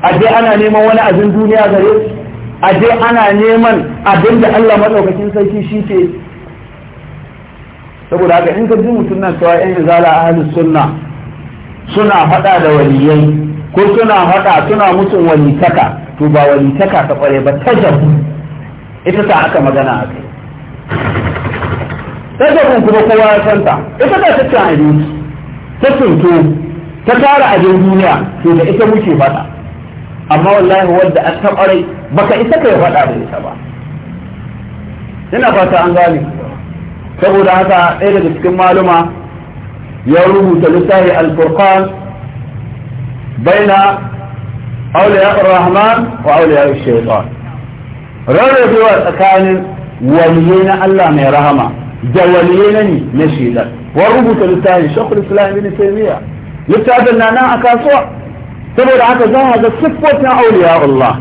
a je ana neman wani abin duniya gare su a je ana neman abin da Allah maɗaukakin sarki shi ke saboda haka in ka ji mutum nan cewa yan izala ahlus sunna suna faɗa da waliyai ko suna haɗa suna mutum walitaka to ba walitaka ta kware ba ta tajabbu ita ta aka magana a kai tajabbun kuma kowa ya santa ita ta ta cin abinci ta tsinto ta tara abin duniya to da ita muke faɗa amma wallahi wadda an ta kware baka isa kai faɗa da ita ba ina fata an gane saboda haka ɗaya daga cikin maluma ya rubuta littafi al-furqan بين أولياء الرحمن وأولياء الشيطان رأي دوار أكان وليين الله من رحمة جوليينني نشيدا وربط للتالي شخص الإسلام بن تيمية لتعدلنا أنا أكاسوع تبعد عكا زهد السفوة أولياء الله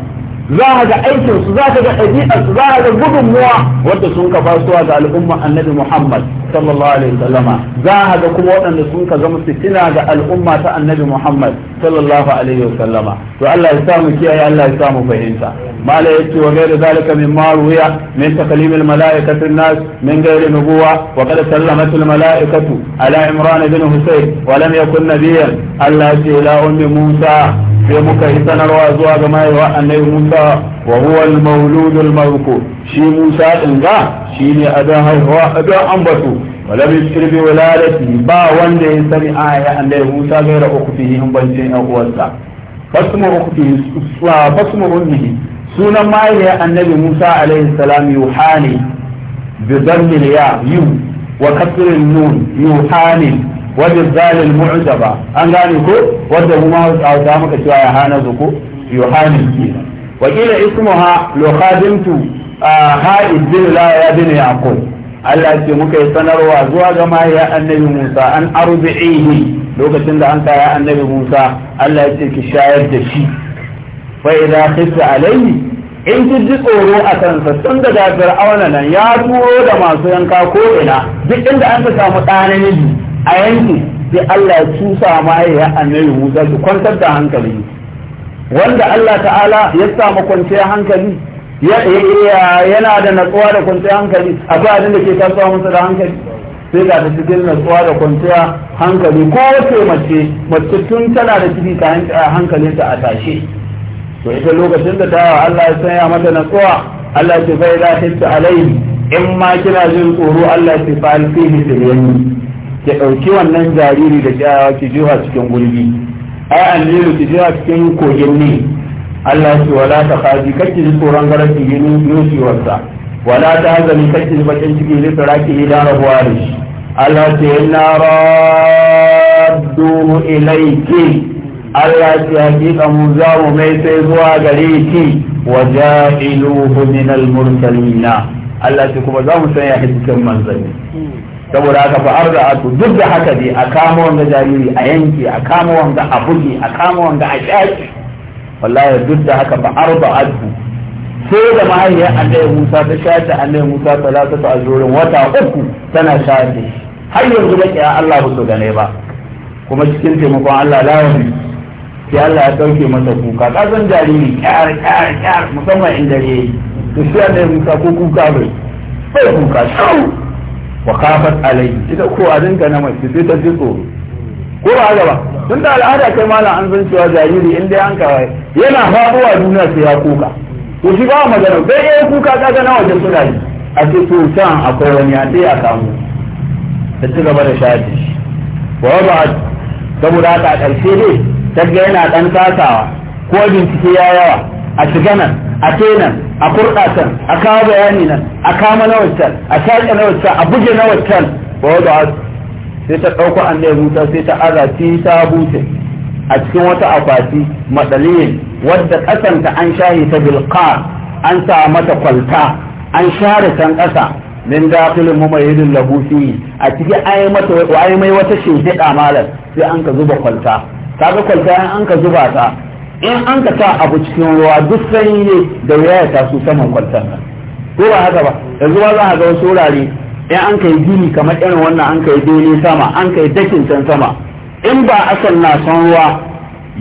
za ka ga aikin su za ka ga ɗabi'ar su za ka ga gudunmuwa wadda sun ka basuwa ga al'umma annabi Muhammad sallallahu alaihi wasallama za ka ga kuma waɗanda sun ka zama fitina ga al'umma ta annabi Muhammad sallallahu alaihi wasallama to Allah ya samu kiyaye Allah ya samu fahimta mala yace wa da zalika min maruya min takalim al malaikatu nas min gairi nubuwa wa qad sallamat al malaikatu ala imran bin husayn wa lam yakun nabiyyan Allah ya ila ummi Musa sai muka yi sanarwa zuwa ga mayewa annai musa wa huwa al-maulud al-marku shi musa din ga shine adan haihuwa adan ambatu wala bi sirbi wiladati ba wanda ya sani aya annai musa gaira ukutihi in ban sai yan uwarsa fasmu ukutihi fasmu ummihi sunan mayewa annabi musa alaihi salam yuhani bi dhammil ya yu wa kasr nun yuhani wajen zalil ba an gane ko wanda muka cewa ya hana zuko yohanin ke wakila ismuha lokadintu ha'id bin la ya bin yaqub Allah ce muka yi sanarwa zuwa ga ya annabi Musa an arbi'ihi lokacin da an ya annabi Musa Allah ya ce ki shayar da shi fa idza khifta alayhi in ki ji tsoro a kansa tun da ga fir'auna nan ya turo da masu yanka ko ina duk inda an ka samu ɗa namiji a yanki sai Allah ya cusa ma ya annabi Musa su kwantar da hankali wanda Allah ta'ala ya samu kwanciyar hankali ya yana da natsuwa da kwanciyar hankali a ba da ke ta masa da hankali sai ga ta cikin natsuwa da kwanciya hankali ko wace mace mace tun tana da ciki ta hankalinta a tashe to ita lokacin da ta Allah ya sanya mata natsuwa Allah ya ce bai za ta alai in ma kina jin tsoro Allah ya ce fa alfihi da ki ɗauki wannan jariri da kyawa ki jefa cikin gulbi ai yi ki jefa cikin kogin ne Allah shi wa wala ta khaji kake ji tsoron garar ki yi wasa wala ta hazali kake ji bakin ciki zai tsara ki yi dara buwa da shi Allah ce inna raddu ilayki Allah ce hakika mu za mu mai sai zuwa gare ki wa ja'iluhu min al-mursalina Allah ce kuma za mu sanya cikin manzanni hmm. saboda haka fa arda to duk da haka dai a kama wanda jariri a yanke a kama wanda a buge a kama wanda a shaki wallahi duk da haka fa arda adu sai da mahaifiyar annabi Musa ta shace annabi Musa ta za ta azurin wata uku tana shace har yanzu da kiya Allah ba su gane ba kuma cikin taimakon Allah lawan sai Allah ya dauke masa kuka kasan jariri kyar kyar kyar musamman in dare yayi to sai annabi Musa ko kuka bai bai kuka shau wa kafat alayhi ita ko a dinka na mace sai ta ji tsoro ko ba haka ba tun da al'ada kai malam an san cewa jariri in dai an kawai yana faruwa duniya sai ya kuka to shi ba magana bai yi kuka kaga na wajen suna yi a ce to can akwai wani a sai a ta ci gaba da shaji wa ba saboda haka a ƙarshe dai ta ga yana ɗan kasawa. ko bincike ya yawa a shiga nan a tenan a kurɗatan a kawo bayani nan a kama na waccan a shaƙe na waccan a buge na waccan ba wadda sai ta ɗauko an da ya sai ta aza ta bute a cikin wata akwati matsaliyin wadda ƙasanta an shahi ta bilkar an sa mata kwalta an share can ƙasa min dakilin mumayidin lahufi a cikin ayi mata mai wata shehida malam sai an ka zuba kwalta kaga kwalta an ka zuba ta in an ka sa abu cikin ruwa duk sanyi ne da wuya ya taso saman kwantar nan ko ba haka ba yanzu ba za a ga wasu wurare in an kai gini kamar irin wannan an kai dole sama an kai dakin can sama in ba asal na son ruwa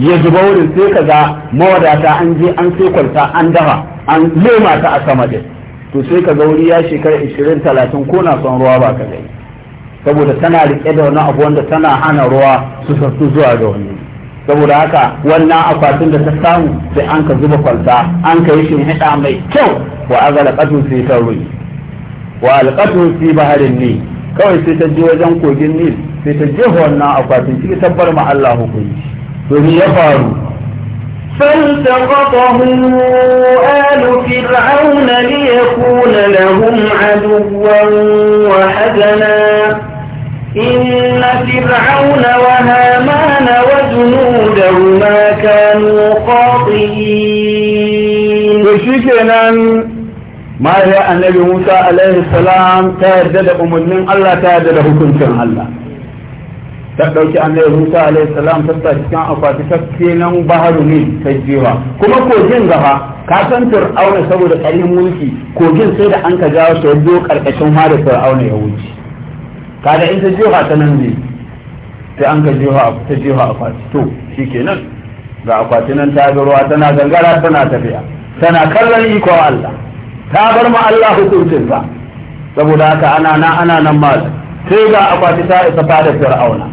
ya zuba wurin sai ka ga mawadata an je an sai kwalta an dafa an lema ta a sama din to sai ka ga wuri ya shekara ishirin talatin ko na son ruwa ba ka gani saboda tana riƙe da wani abu wanda tana hana ruwa su sassu zuwa ga wani saboda haka wannan akwatin da ta samu sai an ka zuba kwalta an ka yi shinhiɗa mai kyau wa azala fi tarwi wa alqatun fi baharin ni kawai sai ta je wajen kogin nil sai ta je wannan akwatin ciki tabbar ma Allah hukunci to ni ya faru فالتقطه آل فرعون ليكون لهم عدوا وحزنا إن فرعون وهامان أو ما كانوا خاطئين وشكنا ما هي النبي موسى عليه السلام تهدد ta yarda da حكم Allah, ta ɗauki annabi Musa alaihi salam ta sa cikin akwati ta kenan baharu ne ta jewa kuma kogin gaba ka san fir'auna saboda ƙarfin mulki kogin sai da an ka jawo ta yazo karkashin hada fir'auna ya wuce kada in ta jewa ta nan ne sai an ka jiha ta jiha akwati to ga akwati nan ta ruwa tana gangara tana tafiya tana kallon ikon Allah ta bar ma Allah hukuncin ba saboda haka ana nan ana nan ma sai ga akwati ta isa ta da fir'auna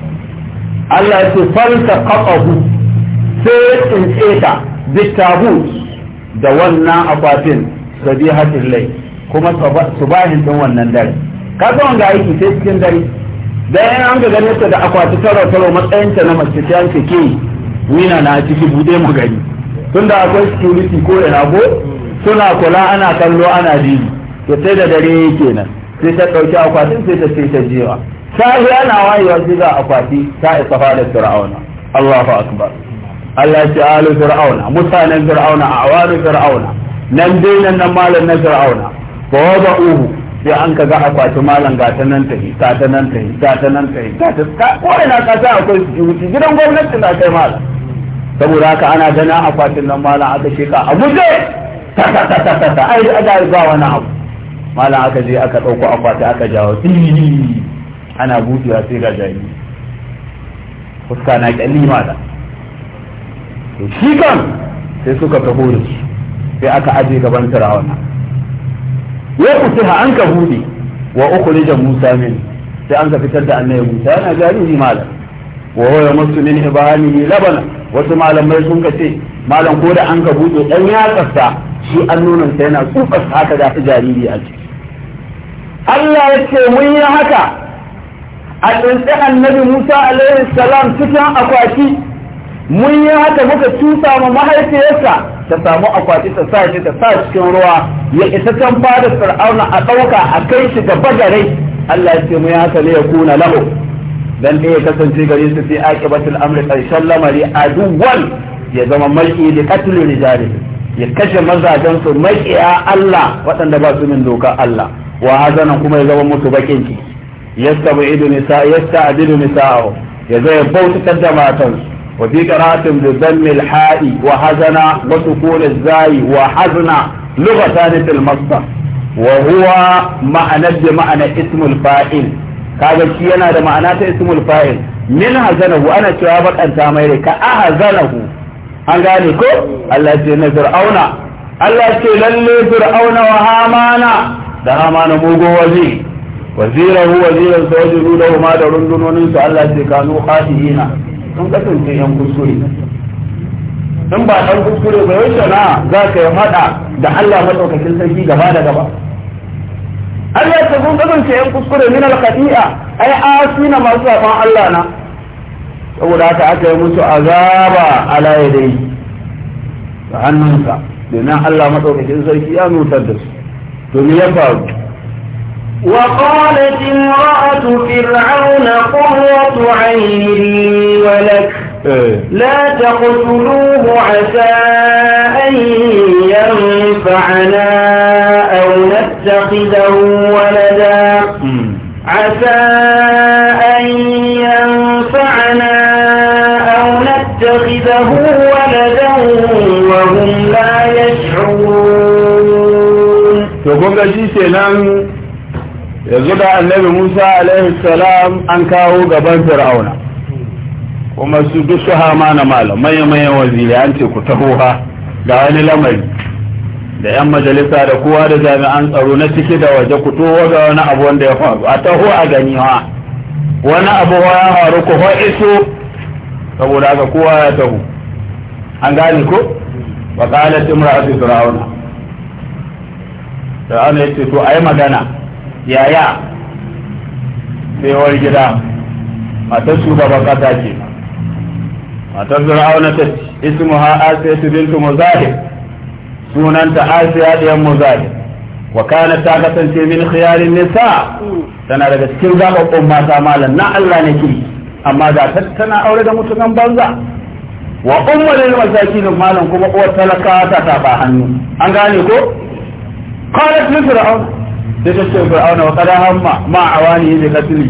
Allah ya ce falta qatahu sai tsince ta bitabu da wannan akwatin sabihatin lai kuma subahin din wannan dare ka ga wanga aiki sai cikin dare da ya an ganin ta da akwati taro taro matsayin ta na mace ta yanke ke wina na ciki bude mu gari tunda akwai security ko ina ko suna kula ana kallo ana dini to sai da dare nan sai ta dauki akwatin sai ta sai ta jewa sai ana wayewa sai ga akwati ta isa fara fir'auna Allahu akbar Allah ya alu fir'auna mutanen fir'auna awanu fir'auna nan dai nan malan na fir'auna fa wada'uhu sai an ka ga akwati malam ga ta nan tafi ga ta nan tafi ga ta nan tafi yi ta ko ina ka sa akwai security gidan gwamnati na kai malam saboda haka ana gana akwatin nan malam aka ka a guje ta ta ta ta ta ai da ba wani abu malam aka je aka dauko akwati aka jawo ana gudiya sai ga jari fuska na kyalli malam to shi kan sai suka taho da shi sai aka aje gaban turawa wa usiha an ka bude wa da musa min sai an ka fitar da annabi musa yana jariri malam wa huwa masu min ibanihi labana wasu malamai sun ka ce malam ko da an ka bude dan ya tsafta shi an nonon sa yana tsufar haka da ta jariri a ciki Allah ya ce mun yi haka a tsintsi annabi Musa alaihi salam cikin akwati mun yi haka muka tusa ma mahaifiyarsa ta samu akwati ta sa shi ta sa cikin ruwa ya isa can fadar fir'auna a ɗauka a kai shi ga bagare Allah ya ce mu ya haka ya kuna lahu dan ɗaya ya kasance gare su fi aqibatul amri karshen lamari aduwwan ya zama mal'i da qatlu rijali ya kashe mazajen su ya Allah waɗanda ba su min doka Allah wa hazanan kuma ya zama musu bakin ki yastabidu nisa yasta'dilu nisa'u ya zai bautar da matansu وفي قراءة بضم الحاء وحزنا وسكون الزاي وحزنا لغتان في المصدر وهو معنى بمعنى اسم الفاعل kaga shi yana da ma'ana ta ismul fa'il min hazanahu ana cewa bakanta mai rai ka ahzanahu an gane ko Allah ce na fir'auna Allah ce lalle fir'auna wa hamana da hamana mugo ma da rundunonin su Allah sai kanu khasihina sun kasance yan kuskure in ba dan kuskure ba yau na za ka yi hada da Allah madaukakin sarki gaba da gaba Allah ta sun kasance yan kuskure min al ai ai asina masu saban Allah na saboda haka aka yi musu azaba ala yadai da hannunsa domin Allah madaukakin sarki ya nutar da su to ya faru وقالت امرأة فرعون قرة عين لي ولك إيه. لا تقتلوه عسى أن ينفعنا أو نتخذه ولدا عسى أن ينفعنا أو نتخذه ولدا وهم لا يشعرون. yanzu da annabi musa alaihi salam an kawo gaban fir'auna kuma su duk su hama na malam manya-manyan waziri an ce ku taho ha ga wani lamari da yan majalisa da kowa da jami'an tsaro na ciki da waje ku towa ga wani abu wanda ya faru a taho a gani ha wani abu ya faru ku iso saboda ga kowa ya taho an gane ko wa qalat imra'atu fir'auna ana yace to ai magana yaya tsewar gida matar shugaban kasa ce matar fir'auna ta asiya su bintu muzahib sunanta asiya diyan muzahib wa kana ta kasance min khiyarin nisa tana daga cikin zaɓaɓɓun mata malam na Allah ne kiri. amma da tana aure da mutumin banza wa ummul masakin malam kuma uwar talaka ta ta ba hannu an gane ko qalat li fir'auna sai ta ce fir'auna wa kada hamma ma awani ne katili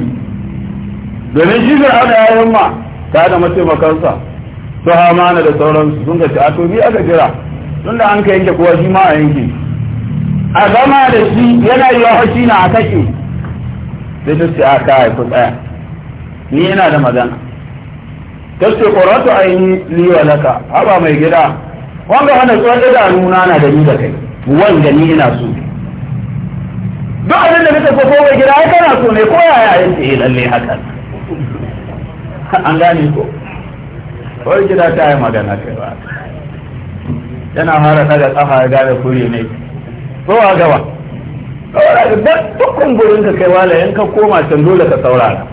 domin shi fir'auna ya yi hamma ta da mataimakansa su hamana da sauransu sun gaci a to bi aka jira tun da an ka yanke kowa shi ma a yanke a zama da shi yana yi wa hashi na a kashe sai ta ce a kai ku tsaya ni yana da magana ta ce ƙoratu a yi liwa laka haba mai gida Wanda hana tsohon idanuna na da ni da kai Wanda ni ina so duk abin da nake koko mai gida ai kana so ne ko yaya ya ce eh, lalle haka an gane ko wai gida ta yi magana kai ba yana fara daga kafa ya gane kuri ne ko a gaba saurara dukkan gurin ka kai wala yanka koma can dole ka saurara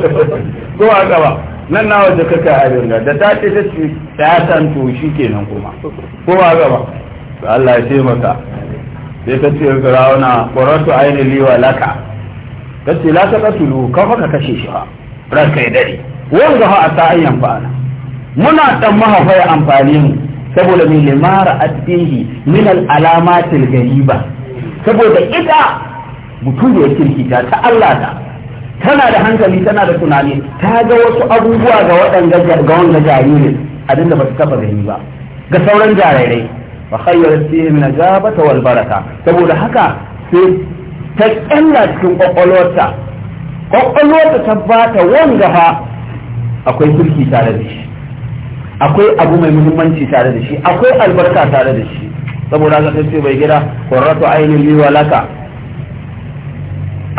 ko a gaba nan na waje kaka abin da ta ce ta ce ta san to shi kenan kuma ko a gaba Allah ya ce maka sai ta ce firawuna ƙwararsu aini liwa laka ta ce la ta katulu fa ka kashe shi ba. ranka ya dare wanda ha a sa'an yamfana muna dan mahafa ya amfani mu saboda mai limara addihi min al'alamatil gariba saboda ita mutum ya kirkita ta Allah ta tana da hankali tana da tunani ta ga wasu abubuwa ga waɗanda ga wanda jaririn abinda ba su taba gani ba ga sauran jarirai fa khayyarat fihi min ajabata wal baraka saboda haka sai ta kalla cikin kwakwalwarta kwakwalwarta ta bata wanga ha akwai sulki tare da shi akwai abu mai muhimmanci tare da shi akwai albarka tare da shi saboda haka sai bai gida qurratu aynin li wa laka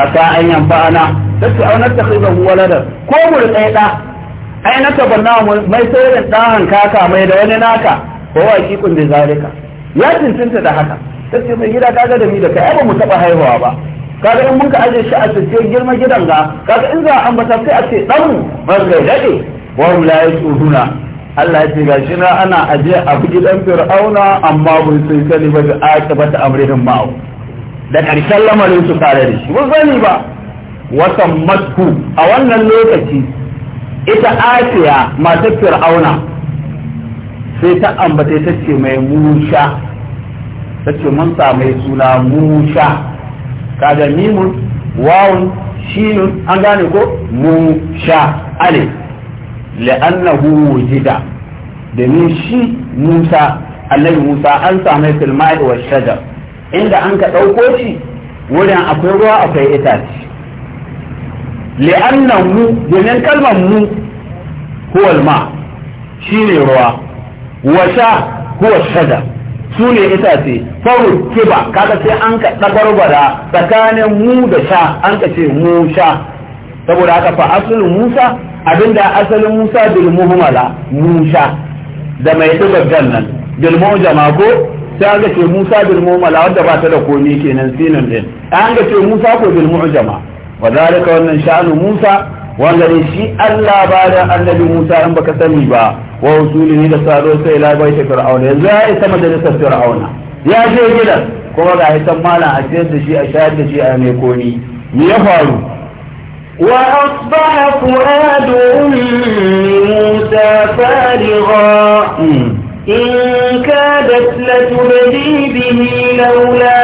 asa an yanfa'ana sai aunar ta kai da walada ko mu da da ai na tabarna mai saurin ɗahan kaka mai da wani naka ko wa shi kun da ya cancanta da haka ta ce mai gida kaga da ni da kai ba mu taba haihuwa ba kaga in muka aje shi a cikin girma gidan ga kaga in za a ambata sai a ce dan ban kai dade wa hum la Allah ya ce gashi na ana aje a gidan fir'auna amma bai sai sani ba da akibata amrihim ma'u da karshen lamarin su kare da shi ba ba watan matku a wannan lokaci ita asiya matar fir'auna sai ta ambata ta ce mai musha ta ce mun sami suna musha kaga mimun wawun shinun an gane ko musha ale la'annahu wujida domin shi musa annabi musa an sami filmai wa shajar inda an ka ɗauko shi wurin akwai ruwa akwai itace li'annan mu domin kalmar mu huwal ma shine ruwa wa sha huwa shajar su ne itace faru kiba kaga sai an ka dagwargwara tsakanin mu da sha an ka ce mu sha saboda haka fa asalin musa abinda asalin musa bil muhammala musa da mai dubar nan bil mujama ko sai an ga ce musa bil muhammala wanda ba ta da komi kenan sinin din an ga ce musa ko bil mujama wa zalika wannan sha'anu musa wanda shi Allah ba da annabi Musa in baka sani ba ووصوله إلى صاروس إلى بيت فرعون إذا سمد لسى فرعون يا شيء جدا كما قال حسن إيه مالا شيء أشهد شيء أن يكوني ميفعل وأصبح فؤاد موسى فارغا إن كادت لتبدي به لولا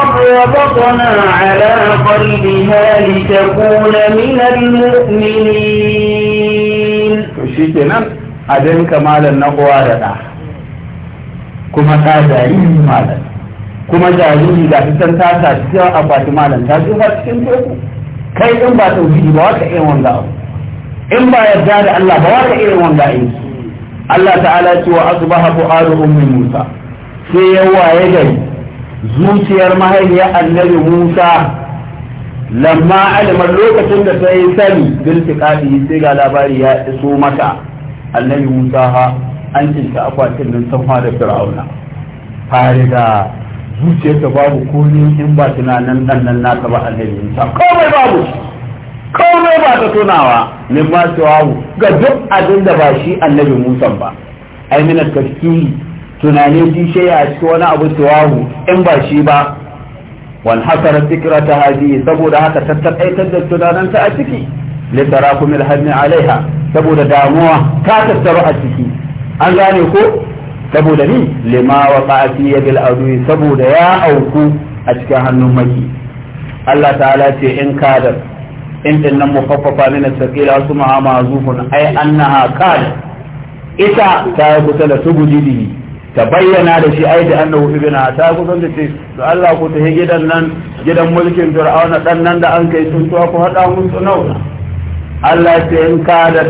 أربطنا على قلبها لتكون من المؤمنين a danka malam na uwa da ɗa kuma ta jariri malam kuma jariri ga su san tasa cikin akwati malam ta tsufa cikin teku kai in ba tauhidi ba waka irin wanga abu in ba yarda da Allah ba waka irin wanga aiki Allah ta'ala ce wa asbaha fu'adu ummi Musa sai ya waye gari zuciyar mahaifiyar annabi Musa lamma alimar lokacin da ta yi sani bil sai ga labari ya iso mata annabi musa ha an cinta akwatin nan da fir'auna tare da zuciyarsa babu komai in ba tunanin dan nan ba annabi musa komai babu komai ba ta tunawa min ma tawawu ga duk abin da ba shi annabi musa ba ai mina tafkiri tunanin shi ya a wani abu tawawu in ba shi ba wal hasara fikra ta hadi saboda haka tattakaitar da tunaninsa a ciki litarakumil hanni alaiha saboda damuwa ta tattaru a ciki an gane ko saboda ni lima wa ya yadil adui saboda ya auku a cikin hannun maki Allah ta'ala ce in kadar in dinnan nan mufaffafa min as-saqila suma zuhun. ai annaha kad ita ta kusa da subujidihi ta bayyana da shi ai da annahu ibna ta kusan da ce to Allah ku ta gidan nan gidan mulkin fir'auna dan nan da an kai sun tuwa ku hada musu nauna Allah ce in ka da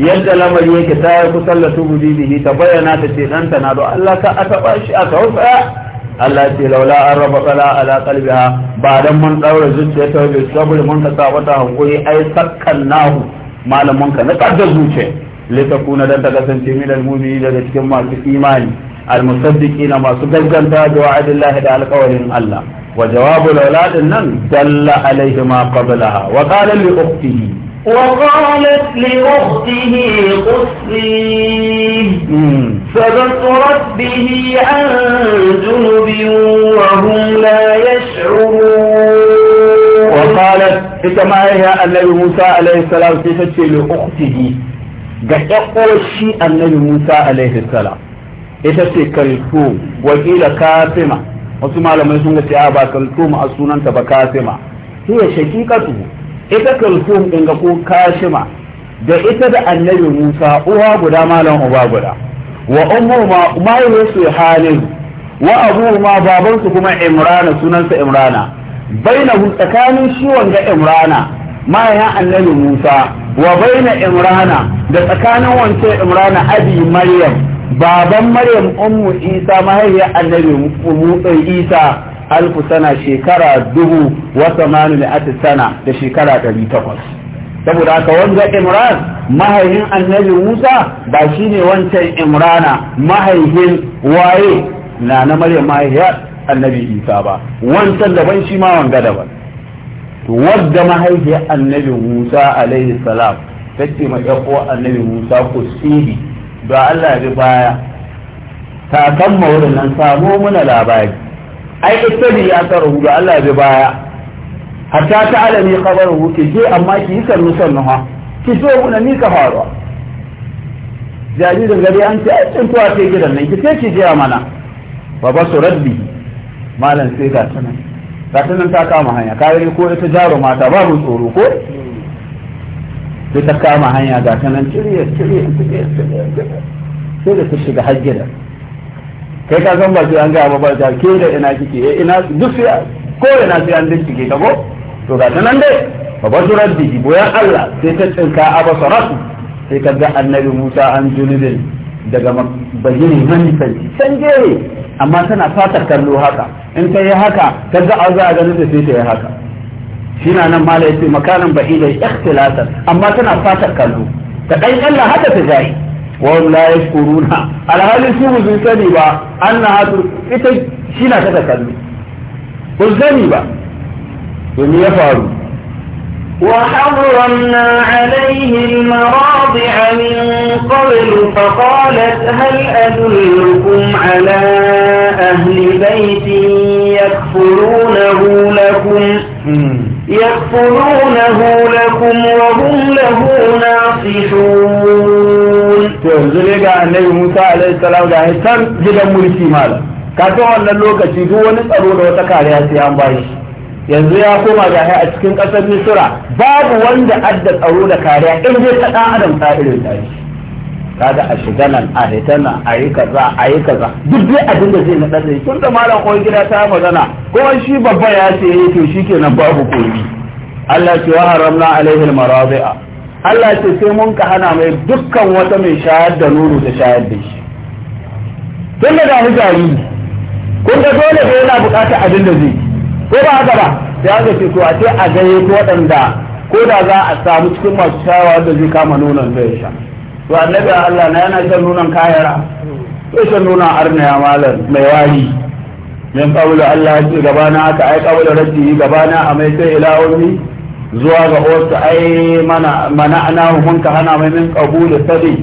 yadda lamari yake ta yi kusan da tubu ta bayyana ta ce ɗanta na do Allah ka a taɓa shi a tausaya Allah ce laula an raba kala ala kalbiha ba dan mun daura zuciya ta wajen saboda mun ka sa wata hankuri ai sakkan nahu malamin ka na kadda zuciya litakuna dan ta kasance min almu'mini daga cikin masu imani almusaddiqina masu gagganta da wa'adillahi da alƙawarin Allah wa jawabu laula nan dalla alaihi ma qablaha wa qala li ukhtihi وقالت لأخته قسليه فبصرت به عن جنب وهم لا يشعرون وقالت كما هي النبي موسى عليه السلام سيفتي لأخته قد شيء النبي موسى عليه السلام ita ce وإلى كاتمة وسمع لما malamai sun ga أصونا ba kaltum هي sunanta ita kalsum din ga ko kashima da ita da annabi musa uwa guda malam uba guda wa ummu ma ma halin wa abu ma babansu kuma imrana sunansa imrana hu tsakanin shi wanga imrana ya annabi musa wa baina imrana da tsakanin wancan imrana abi maryam baban maryam ummu isa mahaiyar annabi isa alfu sana shekara dubu wa samanin ati sana da shekara ɗari takwas saboda haka wanda imran mahaihin annabi musa ba shine wancan imrana mahaihin waye na na maryam mahaihiyar annabi isa ba wancan daban shi ma wanga daban to wadda mahaihiyar annabi musa alaihi salam ta ce ma ɗan annabi musa ku sihi ba allah bi baya ta kan maurin nan samo muna labari ai ittabi ya tsarahu ga Allah bi baya hatta ta alami khabarahu ki je amma ki yi sannu sannu ha ki so kuna ni ka faruwa jaririn gari an ce ai tsintuwa ce gidan nan ki ce ki je mana ba ba su rabbi malam sai ga ta ga ta ta kama hanya ka ko ita jaro mata babu tsoro ko sai ta kama hanya ga cire-cire, cire cire sai da ta shiga har gidan kai ka san ba sai an gaya ba ba ta ke da ina kike eh ina duk sai ko ina sai an bincike ta ko to ga nan dai fa basurar boyan Allah sai ta tsinka abasaratu sai ka ga annabi Musa an junubin daga bayyane manifanci can jere amma tana fatar kallo haka in ta yi haka ta ga an za a ganin da sai ta yi haka shi na nan mala yace makanan bahidai ikhtilatan amma tana fatar kallo ta dan Allah haka ta jayi وهم لا يشكرونها على هذا السوء الزنساني با أنها تتج شنا تتكلم الزنساني با ومن يفعل وحرمنا عليه المراضع من قبل فقالت هل أدلكم على أهل بيت يكفرونه لكم يكفرونه لكم وهم له ناصحون yanzu ne ga annabi Musa alaihi salam ga can gidan mulki malam ka ta wannan lokaci duk wani tsaro da wata kariya sai an bashi yanzu ya koma ga a cikin ƙasar misra babu wanda adda tsaro da kariya in dai ta dan adam ta irin tashi kaga a shiga nan a hita nan a yi kaza a yi kaza duk dai abin da zai na ɗan tun da malam ƙwai gida ta magana kuma shi babba ya ce ya eh, to shi babu komi Allah ce wa haramna alaihi almarabi'a Allah ce sai mun ka hana mai dukkan wata mai shayar da nono ta shayar da shi tun da ga jariri kun ga dole da yana buƙatar abin da zai ko ba haka ba sai aka ce to a ce a gayyato waɗanda ko da za a samu cikin masu shayarwa da zai kama nonon zai sha to annabi Allah na yana shan nunan kayara to shan nunan arnaya malam mai wari min qawlu Allah ce gabana aka ai qawlu rabbi gabana a mai sai ila zuwa ga wasu ai mana mana ana ka hana mai min qabulu sadi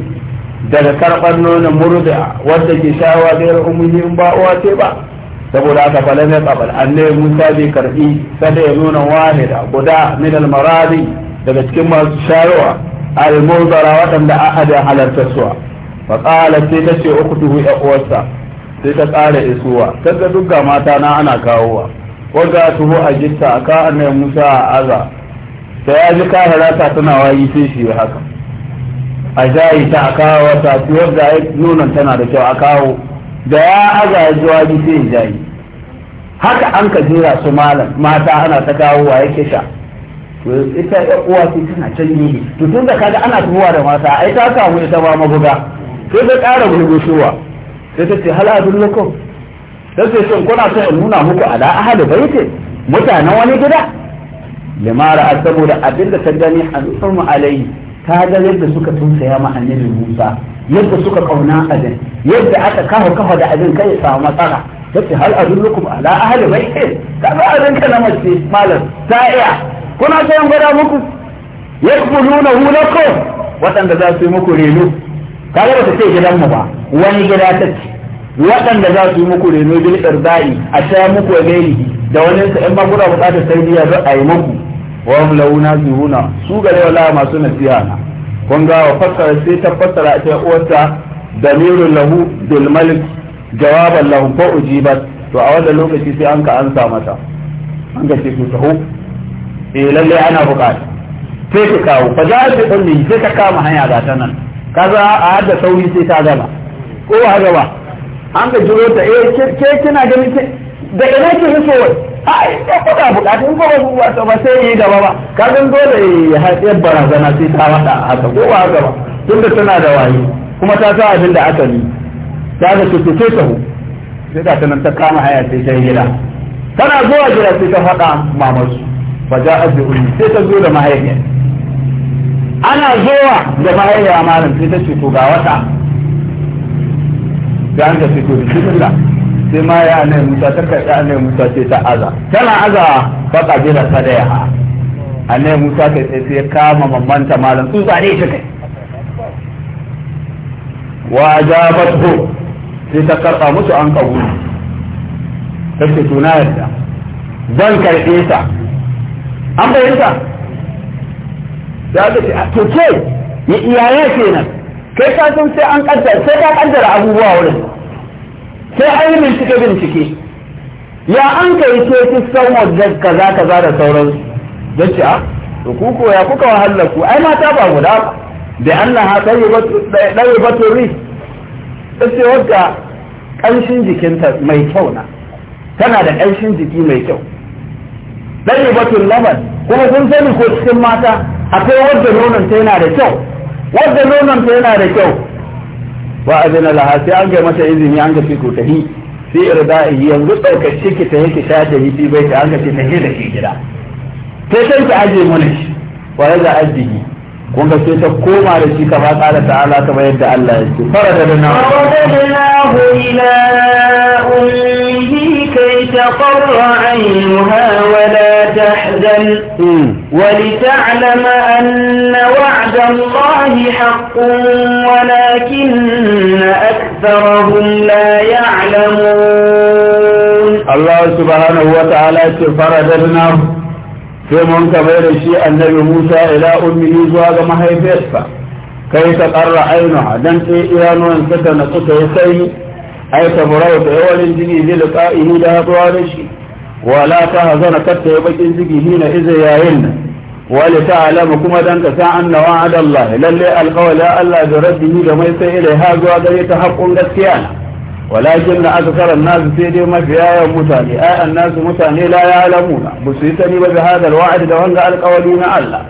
daga karban nuna murda wanda ke shawa da ummi in ba uwa ce ba saboda haka falam ya qabal annabi Musa bai karbi sai ya nuna wahida guda min al maradi daga cikin masu shayarwa al-muzara waɗanda ahadin halarta suwa fa qala sai ta ce ukhtuhu ya uwarsa sai ta ƙara isuwa kaga dukkan mata na ana kawowa wanda tuho a gitta a ka annabi Musa a aza da ya ji ka ta tana wayi sai shi haka a jayi ta a kawo wata tuwar da nuna tana da kyau a kawo da ya aza ya ji wayi sai ya jayi haka an ka jira su malam mata ana ta kawowa yake sha ita ya uwa ce tana can yi to tun da kaga ana tuhuwa da mata ai ta samu ita ba mabuga sai ta ƙara gurgushuwa sai ta ce hal adullukum sai ta ce kuna son in nuna muku ala ahli baiti mutanen wani gida limara a saboda abinda ta gani a al'umma alai ta ga yadda suka tunsaya ma annabi Musa yadda suka kauna abin yadda aka kawo kawo da abin kai samu matsala ta ce hal adullukum ala ahli baiti kaga abin kana mace malam ta iya kuna so in gwada muku yakbuluna nuna lakum waɗanda za su yi muku reno kaga ba su ce gidanmu ba wani gida ta ce waɗanda za su yi muku reno bil irdai a sha muku wa gairi da wani sa in ba kuna buƙatar tarbiyya za a yi muku wa hum launa zuhuna su gare wala masu nasiha na kun ga wa fassara sai ta fassara a cikin uwarta damirun lahu bil malik jawaban lahu ko ujibat to a wannan lokaci sai an ka ansa mata an ga ce ku taho Eh, sai lalle ana bukata sai ka kawo fa za ta kulli sai ka kama hanya ga ta nan Ka za a hada sauri sai ta gama ko ba gaba an ga jiro ta eh ke kina ganin ke da ina ke yi so a ina ko da bukata in ko ba zuwa ta ba sai yi gaba ba ka ga dole ya haɗe barazana sai ta a haka ko ba gaba da tana da waye kuma ta sa abin da aka yi ta ga su ce ta sai ta nan ta kama haya sai ta yi gida tana zuwa gida sai ta faɗa mamarsu fa ja'at bi ummi sai ta zo da mahaifiya ana zuwa da mahaifiya malam sai ta ce to ga wata da an ta ce to bismillah sai ma ya anai musa ta karɓi anai musa sai ta aza tana aza fa kabila ta da ya anai musa kai sai ya kama mamman ta malam su zare shi kai wa ajabatu sai ta karɓa musu an kabuli ta ce to na yarda zan karɓe ta an bayyanta da aka ce to ke ya ke nan kai ka san sai an kaddara sai ka kaddara abubuwa wurin sai an yi bincike bincike ya an kai ce ki san wajen kaza kaza da sauran da ce a to ku ko ya kuka wahalar ku ai mata ba guda da Allah ha ɗaya bato ri sai ce kanshin jikinta mai kyau na tana da kanshin jiki mai kyau dai batun laban kuma kun sani ko cikin mata akwai wadda nonon ta yana da kyau wadda nonon ta yana da kyau wa azina laha sai an ga mata izini an ga fi ko tahi fi irda'i yanzu daukace ki ta yake sha da yi bai ta an ga ta tahi da ke gida ta sai ta aje mana shi wa yaza ajihi kun ga sai ta koma da shi kama kala ta'ala kamar yadda Allah ya ce fara da na ila تقر عينها ولا تحزن ولتعلم أن وعد الله حق ولكن أكثرهم لا يعلمون الله سبحانه وتعالى فرددناه في كبير شيء النبي موسى إلى أمه زواج ما هي كيف تقر عينها دمت إيران وانفتن قصة يسيني ai ta murau da yawarin jini zai liqa'ihi da haɗuwa da shi wala ta hazana katta ya bakin jiki hina iza yayin nan wali ta'lamu kuma dan ka san anna wa'ada Allah lalle alqawla Allah da rabbihi da mai sai ilai ha zuwa gare ta haƙƙun gaskiya na walakin na akthar an-nas sai dai mafiya yawan mutane ai an-nas mutane la ya'lamuna ba su yi sani ba bi hadal wa'd da wanga alqawli na Allah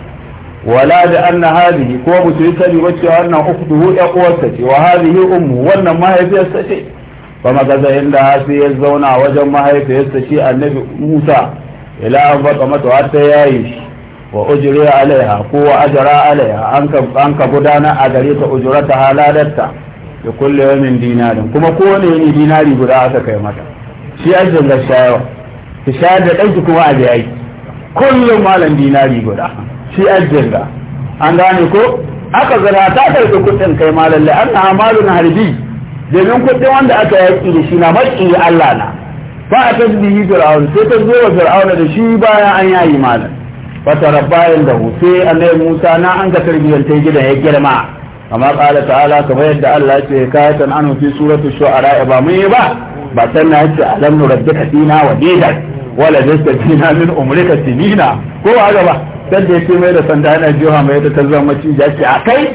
ولا بأن هذه كو مسيسة لوجه أنه أخته أقوى ستي وهذه أمه وأن ما هي فيها ستي fama gaza inda sai ya zauna wajen mahaifiyarsa shi annabi musa ila an baka mata wata yayi shi wa ujri alaiha ko wa ajra alaiha an an ka gudana a gare ta ujrata halalatta da kulli yawmin dinarin kuma kowane yini dinari guda aka kai mata shi ajin da shayar da ɗanki kuma a biya kullum malam dinari guda shi an ko aka zara ta karɓi kuɗin kai malam la'anna harbi domin kuɗin wanda aka yaƙi da shi na maƙi Allah na Ba'a a tasbihi fir'aun sai ta zo wa fir'auna da shi bayan an yayi malam fata rabbayan da hu sai Allah Musa na an ka tarbiyyar ta gidan ya girma amma qala ta'ala kamar yadda Allah ce kayatan an fi suratul shu'ara ba mun yi ba ba san na yace alam nurabbika dina wa didan wala lasta fina min umrika sinina ko a gaba sai da yake mai da sanda yana jiha mai ta zama ci da a kai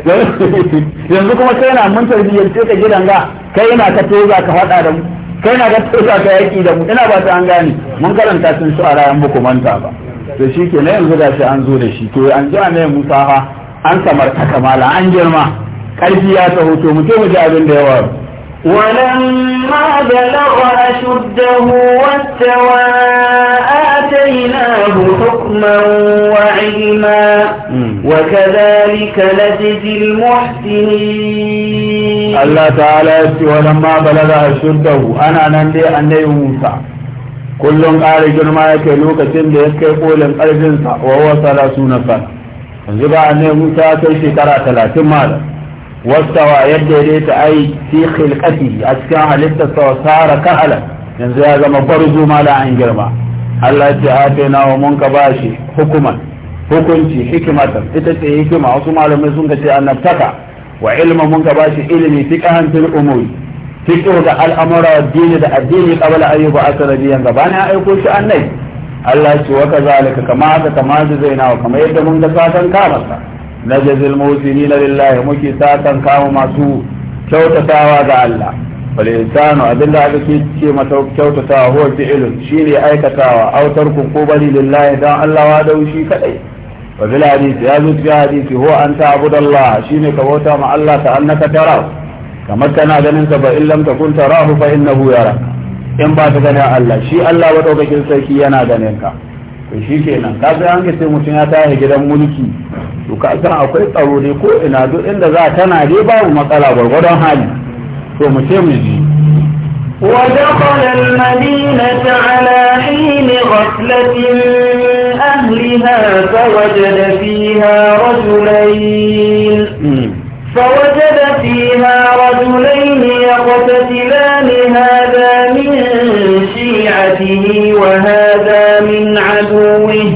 yanzu kuma sai na mun tarbiyyance ka gidan ga kai na ka toza ka faɗa da mu kai na ka toza ka yaƙi da mu ina ba ta an gane mun karanta sun su a rayan muku manta ba to shi ke na yanzu da shi an zo da shi to an ji annabi Musa fa an samarta kamala an girma ƙarfi ya taho to mu je mu ji abin da yawa ولما بلغ أشده واستوى آتيناه حكما وعلما وكذلك نجزي المحسنين الله تعالى استوى ولما بلغ أشده أنا نندي أني موسى كل قال قارج ما يكلوك تندي يسكيبو لنقرجنسا وهو ثلاثون فن زبا أني موسى تلشي ترى ثلاثين مالا wastawa yadda ya daita ai fi khilqatihi a cikin halittarsa wa sara ala yanzu ya zama barzu ma da an girma Allah ya ce atayna wa mun ka bashi hukuman hukunci hikimatan ita ce hikima wasu malamai sun ce annabtaka wa ilma mun ka bashi ilimi fiqhan fil umuri fiqh da al'amura wa dini da addini qabla ayyuba asrabiyan gabani a aiko shi annai Allah ya ce wa kazalika kama haka kama wa kama yadda mun ga satan ka نجز الموسنين لله مكي ساكن كاو ماسو كوتا ساوا ذا الله فالإنسان أدل أبكي كما كوتا ساوا هو فعل شيري أي تاوى أو ترك قبلي لله دا الله هذا وشي كأي وفي الحديث يزد في الحديث هو أن تعبد الله شيني كوتا مع الله كأنك تراه كما كان أدنك فإن لم تكن تراه فإنه يراك إن باتك الله شي الله ودوكك سيكي ينا دنينك to shi kenan ka sai an sai mutum ya tashi gidan mulki to ka san akwai tsaro dai ko ina duk inda za tana dai babu matsala gwargwadon hali to mu ce mu ji ودخل المدينة على حين غفلة أهلها فوجد فيها رجلين فوجد فيها رجلين يقتتلان هذا عدوته وهذا من عدوه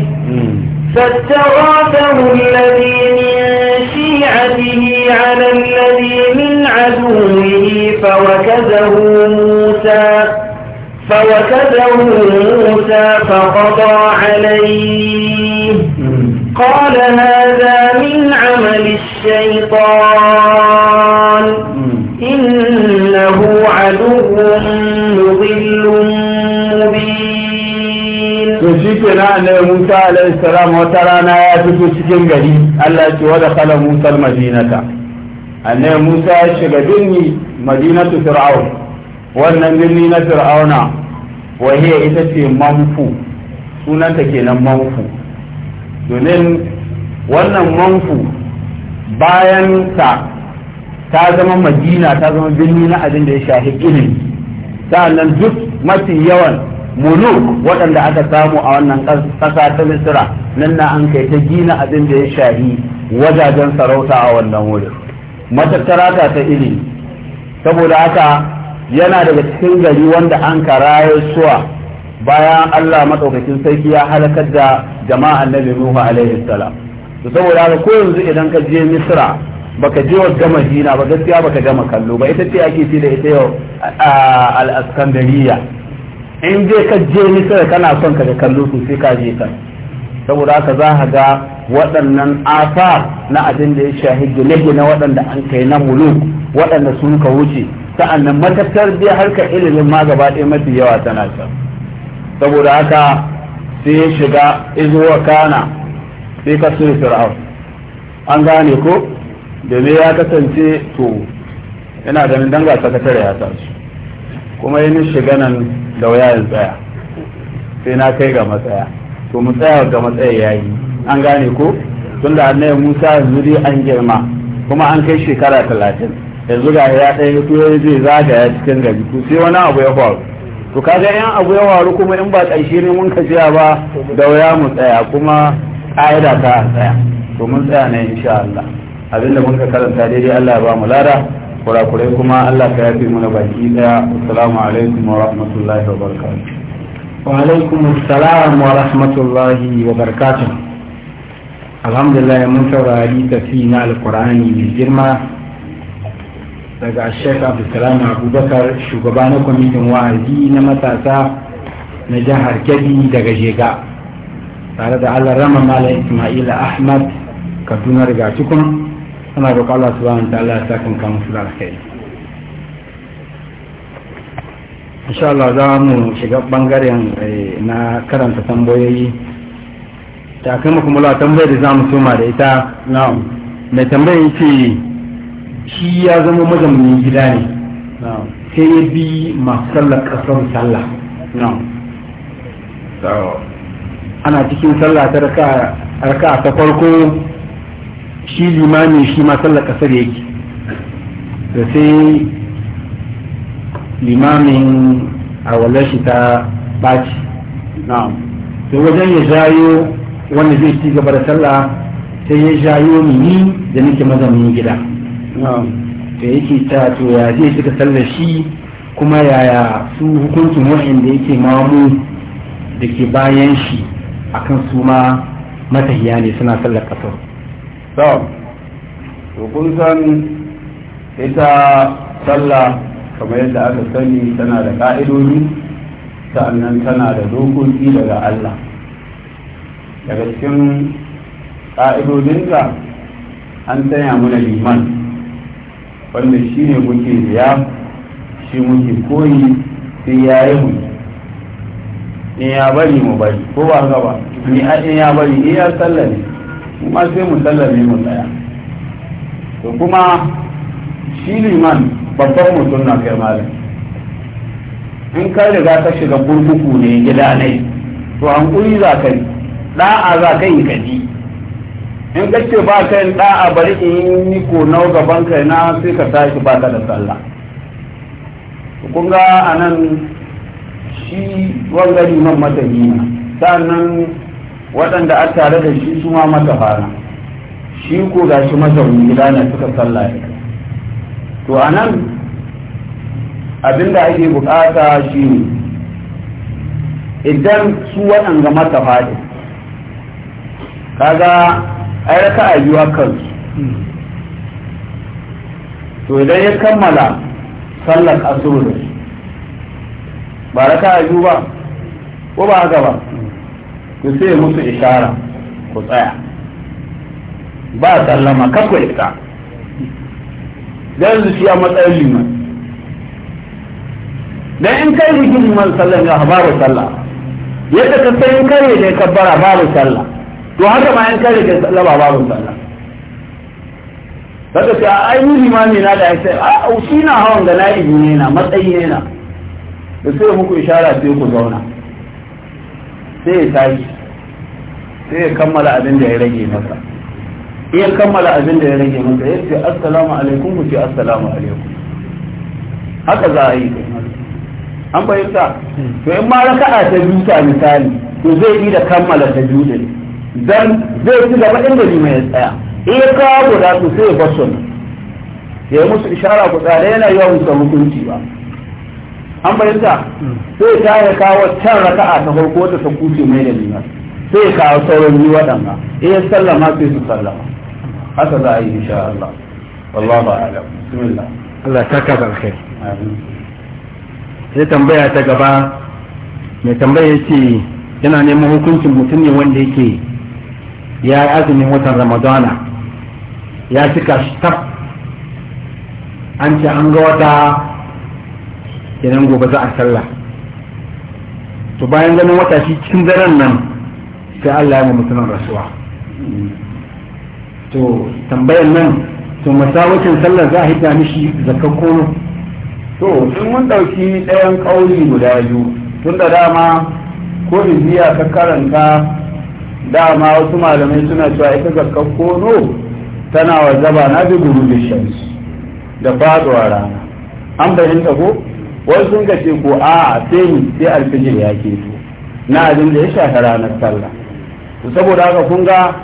فاستغاثه الذي من شيعته على الذي من عدوه فوكزه موسى فوكزه موسى فقضى عليه قال هذا من عمل الشيطان إنه عدو ke na annabi Musa alaihi salam wata rana ya fito cikin gari Allah ce wa kala Musa al-madinata annabi Musa ya shiga birni madinatu fir'aun wannan birni na fir'auna wa hiya ita ce manfu sunanta kenan manfu domin wannan manfu bayan ta ta zama madina ta zama birni na abin da ya shahi ilimi sa'annan duk mafi yawan muluk waɗanda aka samu a wannan ƙasa ta misira nan na an kai ta gina abin da ya shahi wajajen sarauta a wannan wurin matattara ta ta ilimi saboda haka yana daga cikin gari wanda an karaye suwa bayan Allah maɗaukakin sarki ya halakar da jama'an Nabi Nuhu alaihi salam to saboda haka ko yanzu idan ka je misira baka je wa gama jina ba gaskiya baka gama kallo ba ita ce ake ce da ita yau al-askandariya in je ka je misira kana son ka ga kallo su sai ka je ka saboda haka za ka ga waɗannan asar na abin da ya shahi gine na waɗanda an kai na muluk waɗanda sun ka wuce sa'annan matattar biya harkar ilimin ma gaba ɗaya mafi yawa tana can saboda haka sai ya shiga izuwa kana sai ka so fir'aun an gane ko da me ya kasance to yana ganin danga sakatare ya tashi kuma yin shiga nan da waya ya tsaya sai na kai ga matsaya to mu tsaya ga matsaya yayi an gane ko tunda annabi Musa yanzu dai an girma kuma an kai shekara talatin yanzu ga ya dai to ya zai zagaya cikin gari to sai wani abu ya faru to kaga yan abu ya faru kuma in ba ƙarshe ne mun kaciya ba da waya mu tsaya kuma kaida ta tsaya to mun tsaya ne insha Allah abinda mun ka karanta daidai Allah ya ba mu lada kurakurai kuma Allah ta yafe mana baki daya assalamu alaikum wa rahmatullahi wa barakatuh wa alaikum assalam wa rahmatullahi wa barakatuh alhamdulillah mun saurari tafi na alkur'ani mai girma daga Sheikh Abdulsalam Abubakar shugaba na kwamitin wa'azi na matasa na jihar Kebbi daga Jega tare da Allah rama Malam Ismail Ahmad Kaduna Rigacikun ana roƙa Allah subhanahu wa ta'ala ya saka kan musu alkhairi insha Allah za mu shiga bangaren eh, na karanta tambayoyi ta kai muku mula tambayar da za mu soma da ita na'am mai tambayar ce shi ya zama mazaunin gida ne sai ya bi masu sallar kasar sallah ana cikin sallah ta raka ta farko shi limami shi ma sallar kasar yake da sai limamin a shi ta ɓaci sai wajen ya jayo wanda zai ci gaba da sallah sai ya jayo ni da nake mazamin gida da yake ta to ya zai cika sallar shi kuma yaya su hukuncin da yake mamu da ke bayan shi akan su ma matahiya ne suna sallar kasar to kun san ita sallah kamar yadda aka sani tana da ƙa'idodi annan tana da dokoki daga Allah daga cikin ƙa'idodinta an taya mana liman wanda shi ne muke biya shi muke koyi sai ya yi mu in ya bari mu bari ko ba haka ba in ya bari in ya sallah ne kuma sai mu sallame mu tsaya to kuma shi liman babban mutum na kai malam in ka riga ka shiga kurkuku ne gida ne to an kuri za ka yi da'a za ka yi ka in ka ce ba ka yin da'a bari in yi ko nau gaban kai na sai ka tashi ba ka da sallah to kun ga anan shi wanga liman matahi na sannan waɗanda a tare da shi su ma mata fara shi ko ga shi mazauni gida na suka sallah to a nan abin da ake bukata shi ne idan su waɗanda mata faɗi kaga ai raka a yi kansu to idan ya kammala sallar asuru ba raka a ba ko ba haka ba to sai musu ishara ku tsaya ba sallama kakwa ita dan shi a matsayin liman dan in kai jikin liman sallan ya babu sallah yadda ka sai in kare da kabbara babu sallah to haka ma in kare da sallah babu sallah daga ce a ainihin limami na da sai a ah, aushi na hawan da na ibi ne na matsayi ne na da sai muku ishara sai ku zauna sai ya tashi sai ya kammala abin da ya rage masa iya kammala abin da ya rage masa ya ce assalamu alaikum ku ce assalamu alaikum haka za a yi an fahimta to in ma raka'a ta biyu ta misali to zai yi da kammala ta biyu ne dan zai ci gaba inda lima ya tsaya iya kawo guda to sai ya bar ya yi musu ishara ku tsada yana yawan sa hukunci ba an fahimta hmm. sai ta ya kawo can raka'a ta farko ta ta kuce mai da limar sai ka sauran yi waɗanda ya sallama sai su sallama haka za a yi insha Allah ba a bismillah Allah ta ka barkai sai tambaya ta gaba mai tambaya ce yana neman hukuncin mutum ne wanda yake ya yi azumin watan ramadana ya cika shi tab an ce an ga wata kenan gobe za a sallah to bayan ganin wata shi cikin daren nan sai Allah ya mutumin rasuwa to tambayan nan to masawacin sallar za a hita mishi zakar kono to sun mun ɗauki ɗayan ƙauri guda biyu tun da dama ko bibiya ka karanta dama wasu malamai suna cewa ita zakar tana wa zaba na bi guru da shamsu da faɗuwa rana an fahimta ko wasu sun ce ko a sai sai alfijir ya ke na abin da ya shafi ranar sallah saboda haka kun ga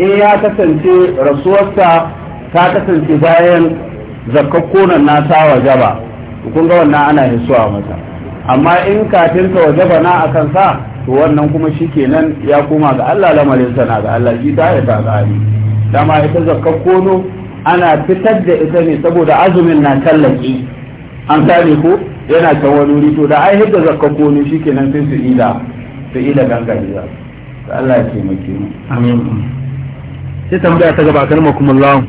in eh, ya kasance rasuwarsa ta kasance bayan zakakkonan na ta wajaba kun ga wannan ana hisuwa masa amma in kafin ta wajaba na a kansa to wannan kuma shikenan ya koma ga Allah lamarin na ga Allah shi ta ta tsari dama ita zakakkono ana fitar da ita ne saboda azumin na tallaki an gane ko yana ta wani to da ai hidda zakakkono shikenan sai su ila su ila gangariya Allah ya taimake mu amin sai tambaya ta gaba kan makumullahu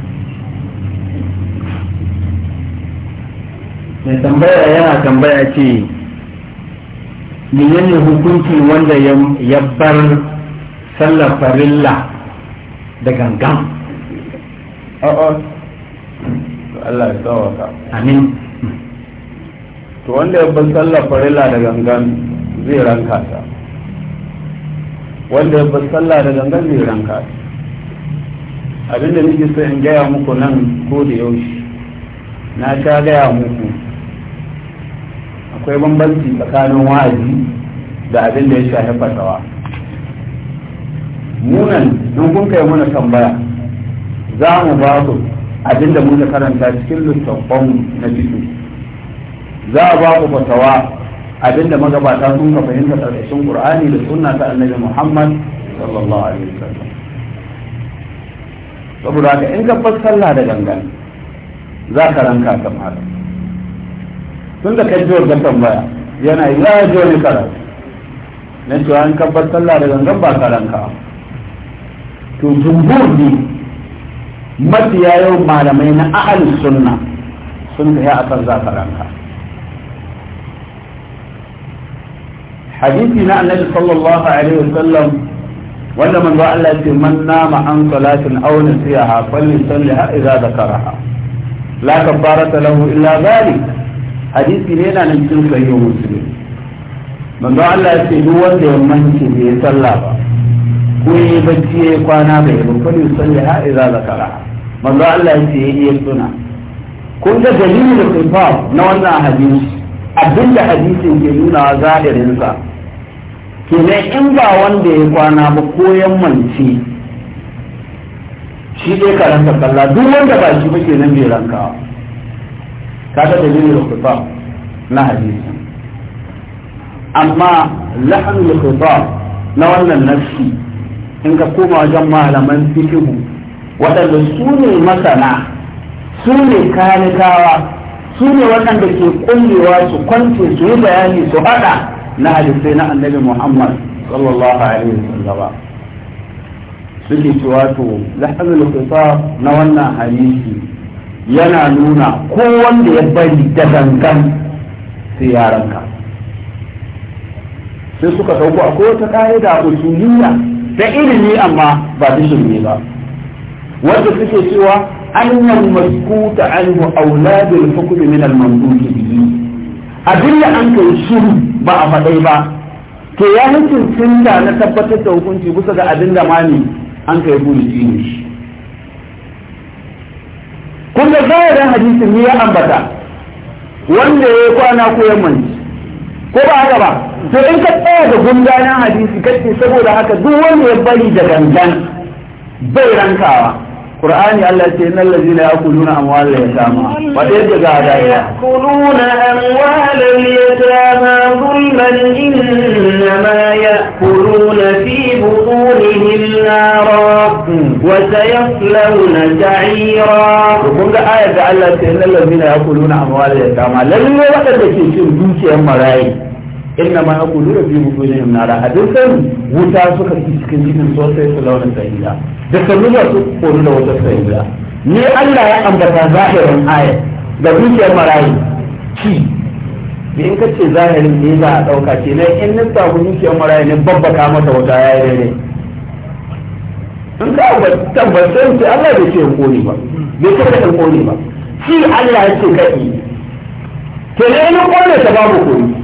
mai tambaya yana tambaya ce menene hukuncin wanda ya bar sallar farilla da gangan Allah ya tsawaka amin to wanda ya bar sallar farilla da gangan zai ranka ta wanda ya sallah da gangan mai ranka abinda nake so in gaya muku nan ko da yaushe na sha gaya muku akwai bambanci tsakanin wa'azi da abin da ya shafi fasawa munan don kun kai muna tambaya za mu ba ku abin da muka karanta cikin littattafan na ciki za a ba ku fasawa abinda magabata sun ka fahimta karkashin qur'ani da sunna ta annabi muhammad sallallahu alaihi wasallam saboda haka in ka sallah da gangan za ka ranka ka fara tun da ka ji wajen tambaya yana yi ya ji wani karatu na cewa in ka sallah da gangan ba ka ranka to jumhur ne mafiya yau malamai na ahal sunna sun ya a kan za ka ranka hadisi na annabi sallallahu alaihi wasallam wanda manzo Allah ya ce man nama an salatin aw nasiha falyusalliha idza zakaraha la kafarata lahu illa zalik hadisi ne yana nan cikin sahih muslim manzo Allah ya ce duk wanda ya manci bai salla ba ko yayi bacci yayi kwana bai ba falyusalliha idza zakaraha manzo Allah ya suna kun na wannan hadisi Abin da hadisin ke nuna zahirinsa kenan in ba wanda ya kwana ba koyan mance shi ne karanta kalla duk wanda ba shi ba nan bai ranka ka ga dalilin rukuta na hadisi amma lahan rukuta na wannan nafsi in ka koma wajen malaman fikihu waɗanda su ne masana su ne kanikawa su ne waɗanda ke kullewa su kwance su yi bayani su haɗa na hadisai na annabi muhammad sallallahu alaihi wasallam suke cewa to lahazul qisas na wannan hadisi yana nuna ko wanda ya bari da dangan sai yaranka sai suka ɗauko akwai wata ƙa'ida usuliyya da ilimi amma ba su shirme ba wanda suke cewa أن المسكوت عنه أولاد الحكم من المملوك به أدل أن تنشر بعض ɗaya to ya nufin tunda na tabbatar da hukunci kusa ga abin da ma ne an kai hukunci ne shi kun da zahirin hadisin ni ya ambata wanda ya kwana ko ya manci ko ba haka ba to in ka tsaya da gundanan hadisi kace saboda haka duk wanda ya bari da gangan bai rankawa قرآن الله سيدنا الذين يأكلون أموال اليتامى وإذ قال يأكلون أموال اليتامى ظلما إنما يأكلون في بطونهم نارا وسيصلون سعيرا وقم آية الله سيدنا الذين يأكلون أموال اليتامى لن يوقف شيء شيء شيء شيء inna ma yaqulu da fi butunihim nara abin sani wuta suka ci cikin cikin sosai su launin sahila da kalluwa su koru da wata sahila ni Allah ya ambata zahirin aya ga dukiyar marayi ci da in ka ce zahirin ne za a ɗauka ce na in nista ku dukiyar marayi ne babbaka mata wata ya yi ne in ka tabbatar ce Allah bai ce koli ba bai ce da koli ba ci Allah ya ce kai ke ne ni kone ta babu koli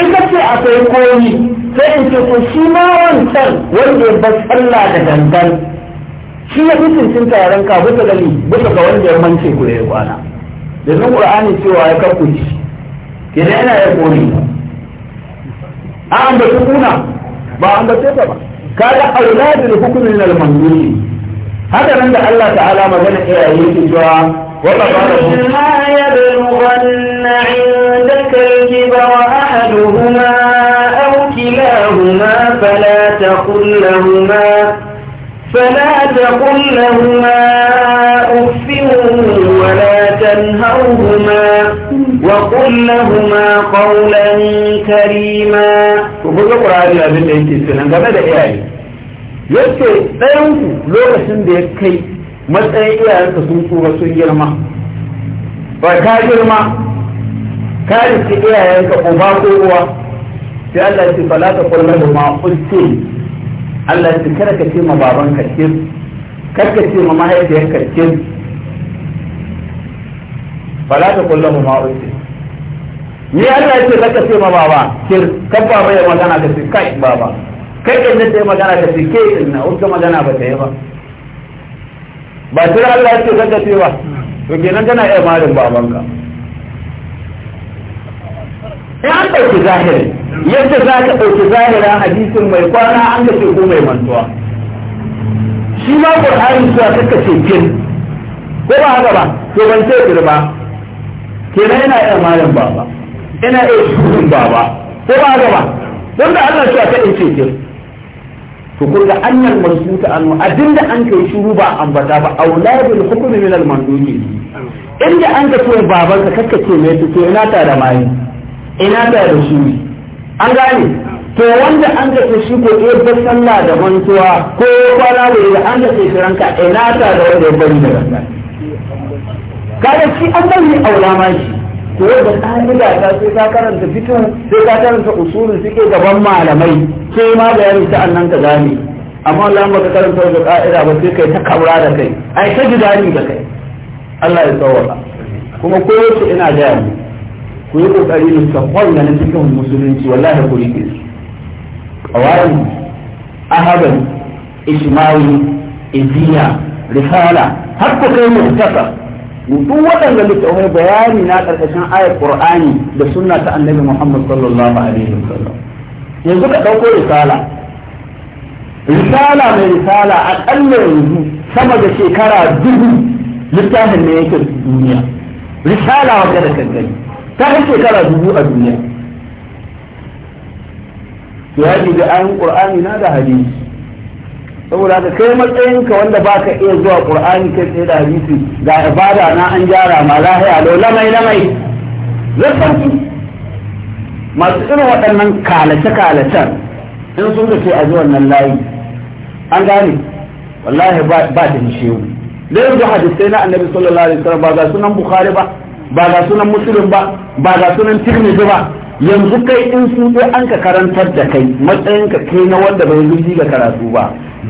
in ka ce akwai koyi sai in ce ko shi ma wancan wanda ya bar sallah da dangan shi ya fi cincin taron ka bisa gani bisa ga wanda ya mance ku da ya kwana domin qur'ani cewa ya karku shi da yana ya koyi a an da kuna ba an da ta ba kaga auladul hukmin al mamnuni haka nan da Allah ta'ala magana iyaye ke cewa wa qala la yablughana أحدهما أو كلاهما فلا تقل لهما فلا تقل لهما أف ولا تنهرهما وقل لهما قولا كريما وقل القرآن يا بنت أنت سنة قبل إياه yake ɗayanku lokacin da ya kai matsayin iyayenka sun tsufa sun girma ba ka girma ka iyayen iyayenka ko ba ko uwa sai Allah ya ce fala ta kullu da ma ulti Allah ya ce kada ka ce ma babanka ce kada ka ce ma ka ce fala ta kullu ma ulti ni Allah ya ce kada ka ce ma baba ke kan baba ya magana ka ce kai baba kai kan ne sai magana ka ce ke inna wata magana ba ta yi ba ba sai Allah ya ce kada ce ba to kenan kana iya malin babanka ya ɗauki zahiri yadda za ka ɗauki zahirin hadisin mai kwana an ga ce ko mai mantuwa shi ma ƙur'ani zuwa kaka ce kin ko ba haka ba to ban ce girma kenan yana iya malam baba ina iya shugun baba ko ba haka ba don da Allah cewa ta in ce kin to kun ga annal marsuta an abinda an kai shuru ba ambata ba auladul hukmi min al manduki inda an ka ce babanka kaka ce mai to ina ta da mai ina ta da shi an gane to wanda an ga shi ko ya ba sallah da mantuwa ko kwana da an ga shi ranka ina ta da wanda ya bari da ranka kada shi an bari aula ma shi Ko da ka'ida ta sai ka karanta fiqh sai ka karanta usulul suke gaban malamai sai ma da yari ta annan ka gane amma Allah ka karanta da ka'ida ba sai kai ta kabura da kai ai ta gidani da kai Allah ya tsawata kuma kowace ina gaya ku yi kokari littattafan da na cikin musulunci wallahi ku rike su kawai ahabar ishmawi iziya risala har ku kai mutaka duk waɗanda littattafai bayani na ƙarƙashin ayar qur'ani da sunna ta annabi muhammad sallallahu alaihi wasallam yanzu ka ɗauko risala risala mai risala aƙalla yanzu sama da shekara dubu littafin ne yake duniya risala wadda da kankani ta yi shekara dubu a duniya ya ya da ayin ƙur'ani na da hadisi saboda haka kai matsayinka wanda baka iya zuwa ƙur'ani kai tsaye da hadisi ga ibada na an gyara ma lahiya lau lamai lamai zai masu irin waɗannan kalace-kalacen in sun da ce a zuwan nan layi an gane wallahi ba da shehu da yanzu hadisai na annabi sallallahu alaihi wasallam ba ga sunan bukhari ba ba ga sunan musulun ba ba ga sunan tirmidhi ba yanzu kai in sun sai an ka karantar da kai matsayinka kai na wanda bai zuci ga karatu ba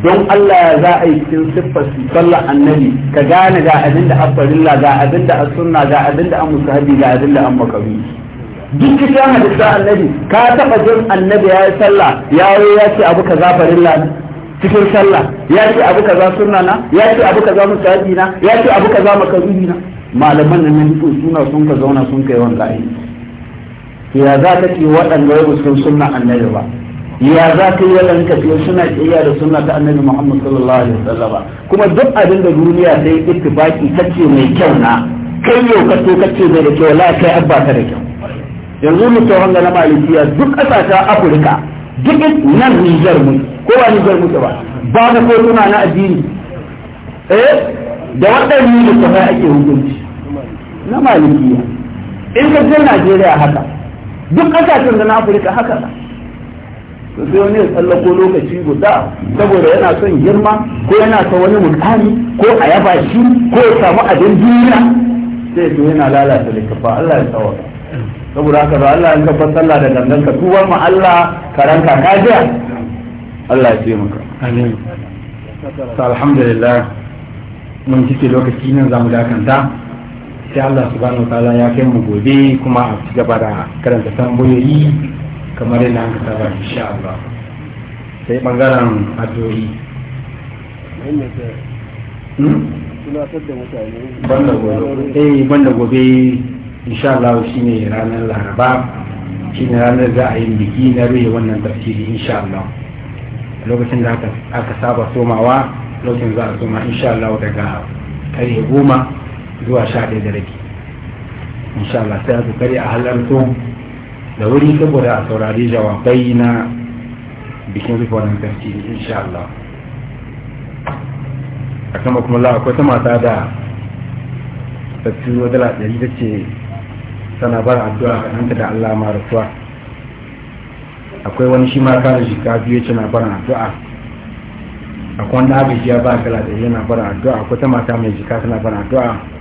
don Allah ya za a yi cikin siffar sallar annabi ka gane ga abin da afarilla ga abin da sunna ga abin da an musahabi ga abin da an makabi duk kitan hadisa annabi ka taba jin annabi ya yi sallah ya yi ya ce abu kaza farilla cikin sallah ya ce abu za sunna na ya ce abu za musahabi na ya ce abu za makabi na malaman nan na biyu suna sun ka zauna sun kai wanda ai ya za ka ce waɗanda ya sun sunna annabi ba ya za ka yi waɗanda ka ce suna ƙiyya da sunna ta annabi muhammad sallallahu alaihi wasallam kuma duk abin da duniya ta yi ittifaki kace mai kyau na kai yau ka to kace mai da kyau la kai abba ka da kyau yanzu mu tawon ga na malikiya duk ƙasashen afirka duk nan nijar mu ko ba nijar mu ba ba na ko suna na addini eh da waɗannan da ake hukunci na malikiya in ka je najeriya haka duk ƙasashen da na afirka haka ba to sai wani ya tsallako lokaci guda saboda yana son girma ko yana son wani mutane ko a yaba shi ko ya samu abin duniya sai to yana lalata likafa Allah ya tsawa saboda haka ba Allah in ka fa sallah da dangan ka tuwar ma Allah karanka ka jiya Allah ya ce maka amin alhamdulillah mun cike lokaci nan zamu dakanta sai Allah subhanahu ta'ala ya kai mu gobe kuma a ci gaba da karanta tambayoyi kamar yana aka saba insha Allah sai bangaren addu'o'i hmm? banda gobe eh banda gobe insha Allah shine ranar Laraba shine ranar za a yi biki na rufe wannan tafsiri insha Allah lokacin da aka saba somawa lokacin za a soma insha Allah daga kare goma zuwa sha ɗaya da rabi insha Allah sai aka kare a halarto da wuri saboda a saurari jawabai na bikin rufe wannan tafsiri insha Allah a kama kuma la akwai ta mata da tafsiri wa dala ɗari da ce tana bar addu'a hanta da Allah ma rasuwa akwai wani shi ma kare shi ka biyu ce na bar addu'a akwai wanda abin ya ba kala da yana bar addu'a ko ta mata mai jika tana bar addu'a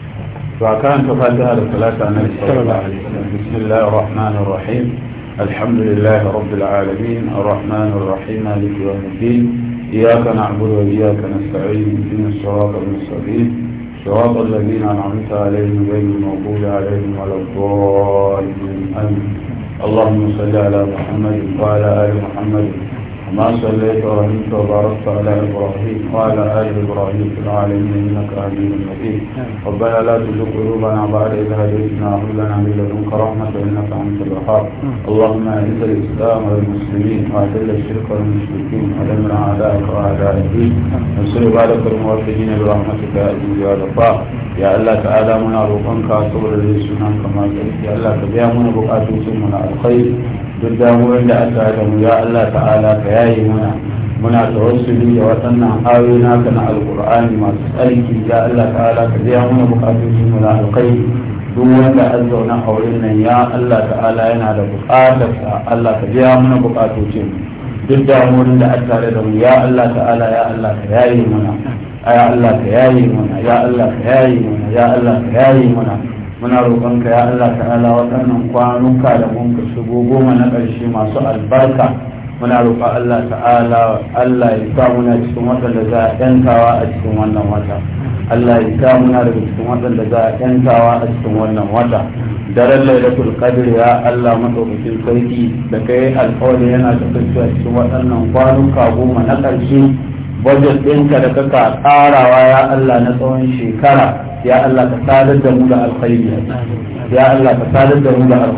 فكانت فاتها للصلاة على النبي صلى الله عليه وسلم بسم الله الرحمن الرحيم الحمد لله رب العالمين الرحمن الرحيم مالك يوم الدين إياك نعبد وإياك نستعين من الصراط المستقيم صراط الذين أنعمت عليهم غير المغضوب عليهم ولا الضالين آمين اللهم صل على محمد وعلى آل محمد ما صليت ورحمت وباركت على إبراهيم وعلى آل إبراهيم في العالمين إنك حميد مجيد ربنا لا تزغ قلوبنا بعد إذ هديتنا وهب لنا من لدنك رحمة إنك أنت الوهاب اللهم أعز الإسلام والمسلمين وأذل الشرك والمشركين ودمر اعدائك وأعداء الدين وانصر عبادك الموحدين برحمتك يا عزيز يا غفار يا الله تعالى منا أروقك صبر لي كما ما يا الله تبيع من بقاتل سمنا الخير duk damuwar da aka da mu ya Allah ta'ala ka yayi mana muna wasu tawassuli da waɗannan ayoyi naka na alqur'ani masu tsarki ya Allah ta'ala ka biya mana bukatun mu na alkhairi duk wanda an zauna a wurin nan ya Allah ta'ala yana da bukatar Allah ka biya mana bukatocin duk damuwar da aka da mu ya Allah ta'ala ya Allah ka yayi mana ya Allah ka yayi mana ya Allah ka yayi mana ya Allah ka yaye mana muna roƙonka ya Allah ta'ala waɗannan kwanuka da muka ka shigo goma na ƙarshe masu albarka muna roƙa Allah ta'ala Allah ya sa muna cikin waɗanda za a yantawa a cikin wannan wata Allah ya sa muna daga cikin waɗanda za a yantawa a cikin wannan wata daren lailatul qadr ya Allah madaukakin sarki da kai alƙawari yana tafiya cikin waɗannan kwanuka goma na ƙarshe budget ɗinka da kaka tsarawa ya Allah na tsawon shekara ya Allah ka sadar da mu da alkhairi ya Allah ka sadar da mu da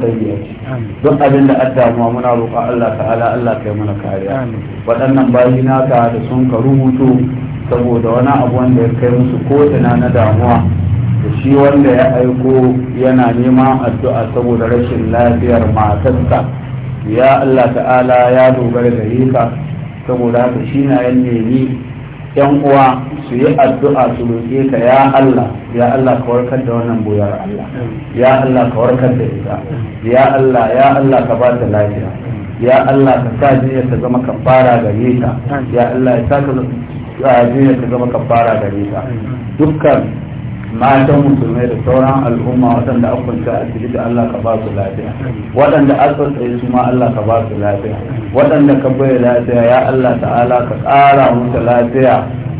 duk abin da muna roƙa Allah ta'ala Allah kai mana kariya waɗannan bayi naka da sun ka rubuto saboda wani abu wanda ya kai musu ko ina na damuwa da shi wanda ya aiko yana neman addu'a saboda rashin lafiyar matarsa ya Allah ta'ala ya dogara gare ka saboda haka shi na yan nemi yan uwa su yi addu'a su roƙe ka ya Allah ya Allah ka warkar da wannan boyar Allah ya Allah ka warkar da ita ya Allah ya Allah ka ba ta lafiya ya Allah ka sa jiya ta zama kafara gare ta ya Allah ya sa ka jiya ta zama kafara gare ta dukkan matan musulmai da sauran al'umma waɗanda a kwanta a da Allah ka ba su lafiya waɗanda a tsatsaye su ma Allah ka ba su lafiya waɗanda ka bai lafiya ya Allah ta'ala ka ƙara musu lafiya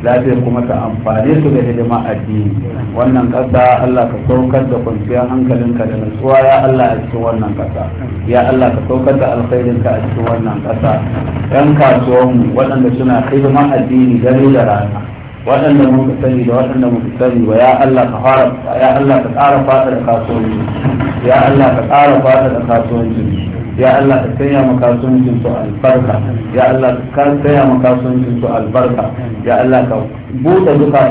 lafiya kuma ta amfani su da hidima addini wannan ƙasa Allah ka saukar da kwanciyar hankalinka da nutsuwa ya Allah a cikin wannan ƙasa ya Allah ka saukar da alkhairinka a cikin wannan ƙasa 'yan kasuwanmu waɗanda suna hidima addini dare da rana وأن المتسجد وأن المتسجد ويا الله تعرف يا الله تعرف فاتر خاصون يا الله تعرف فاتر خاصون يا الله تكيا مكاسون جنسو البركة يا الله تكيا مكاسون جنسو البركة يا الله تبوت دقاء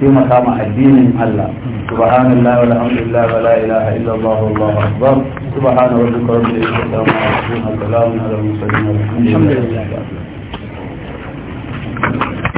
في مقام الدين الله سبحان الله والحمد لله ولا إله إلا الله والله أكبر سبحان ربك رب العزة عما يصفون السلام على المرسلين الحمد لله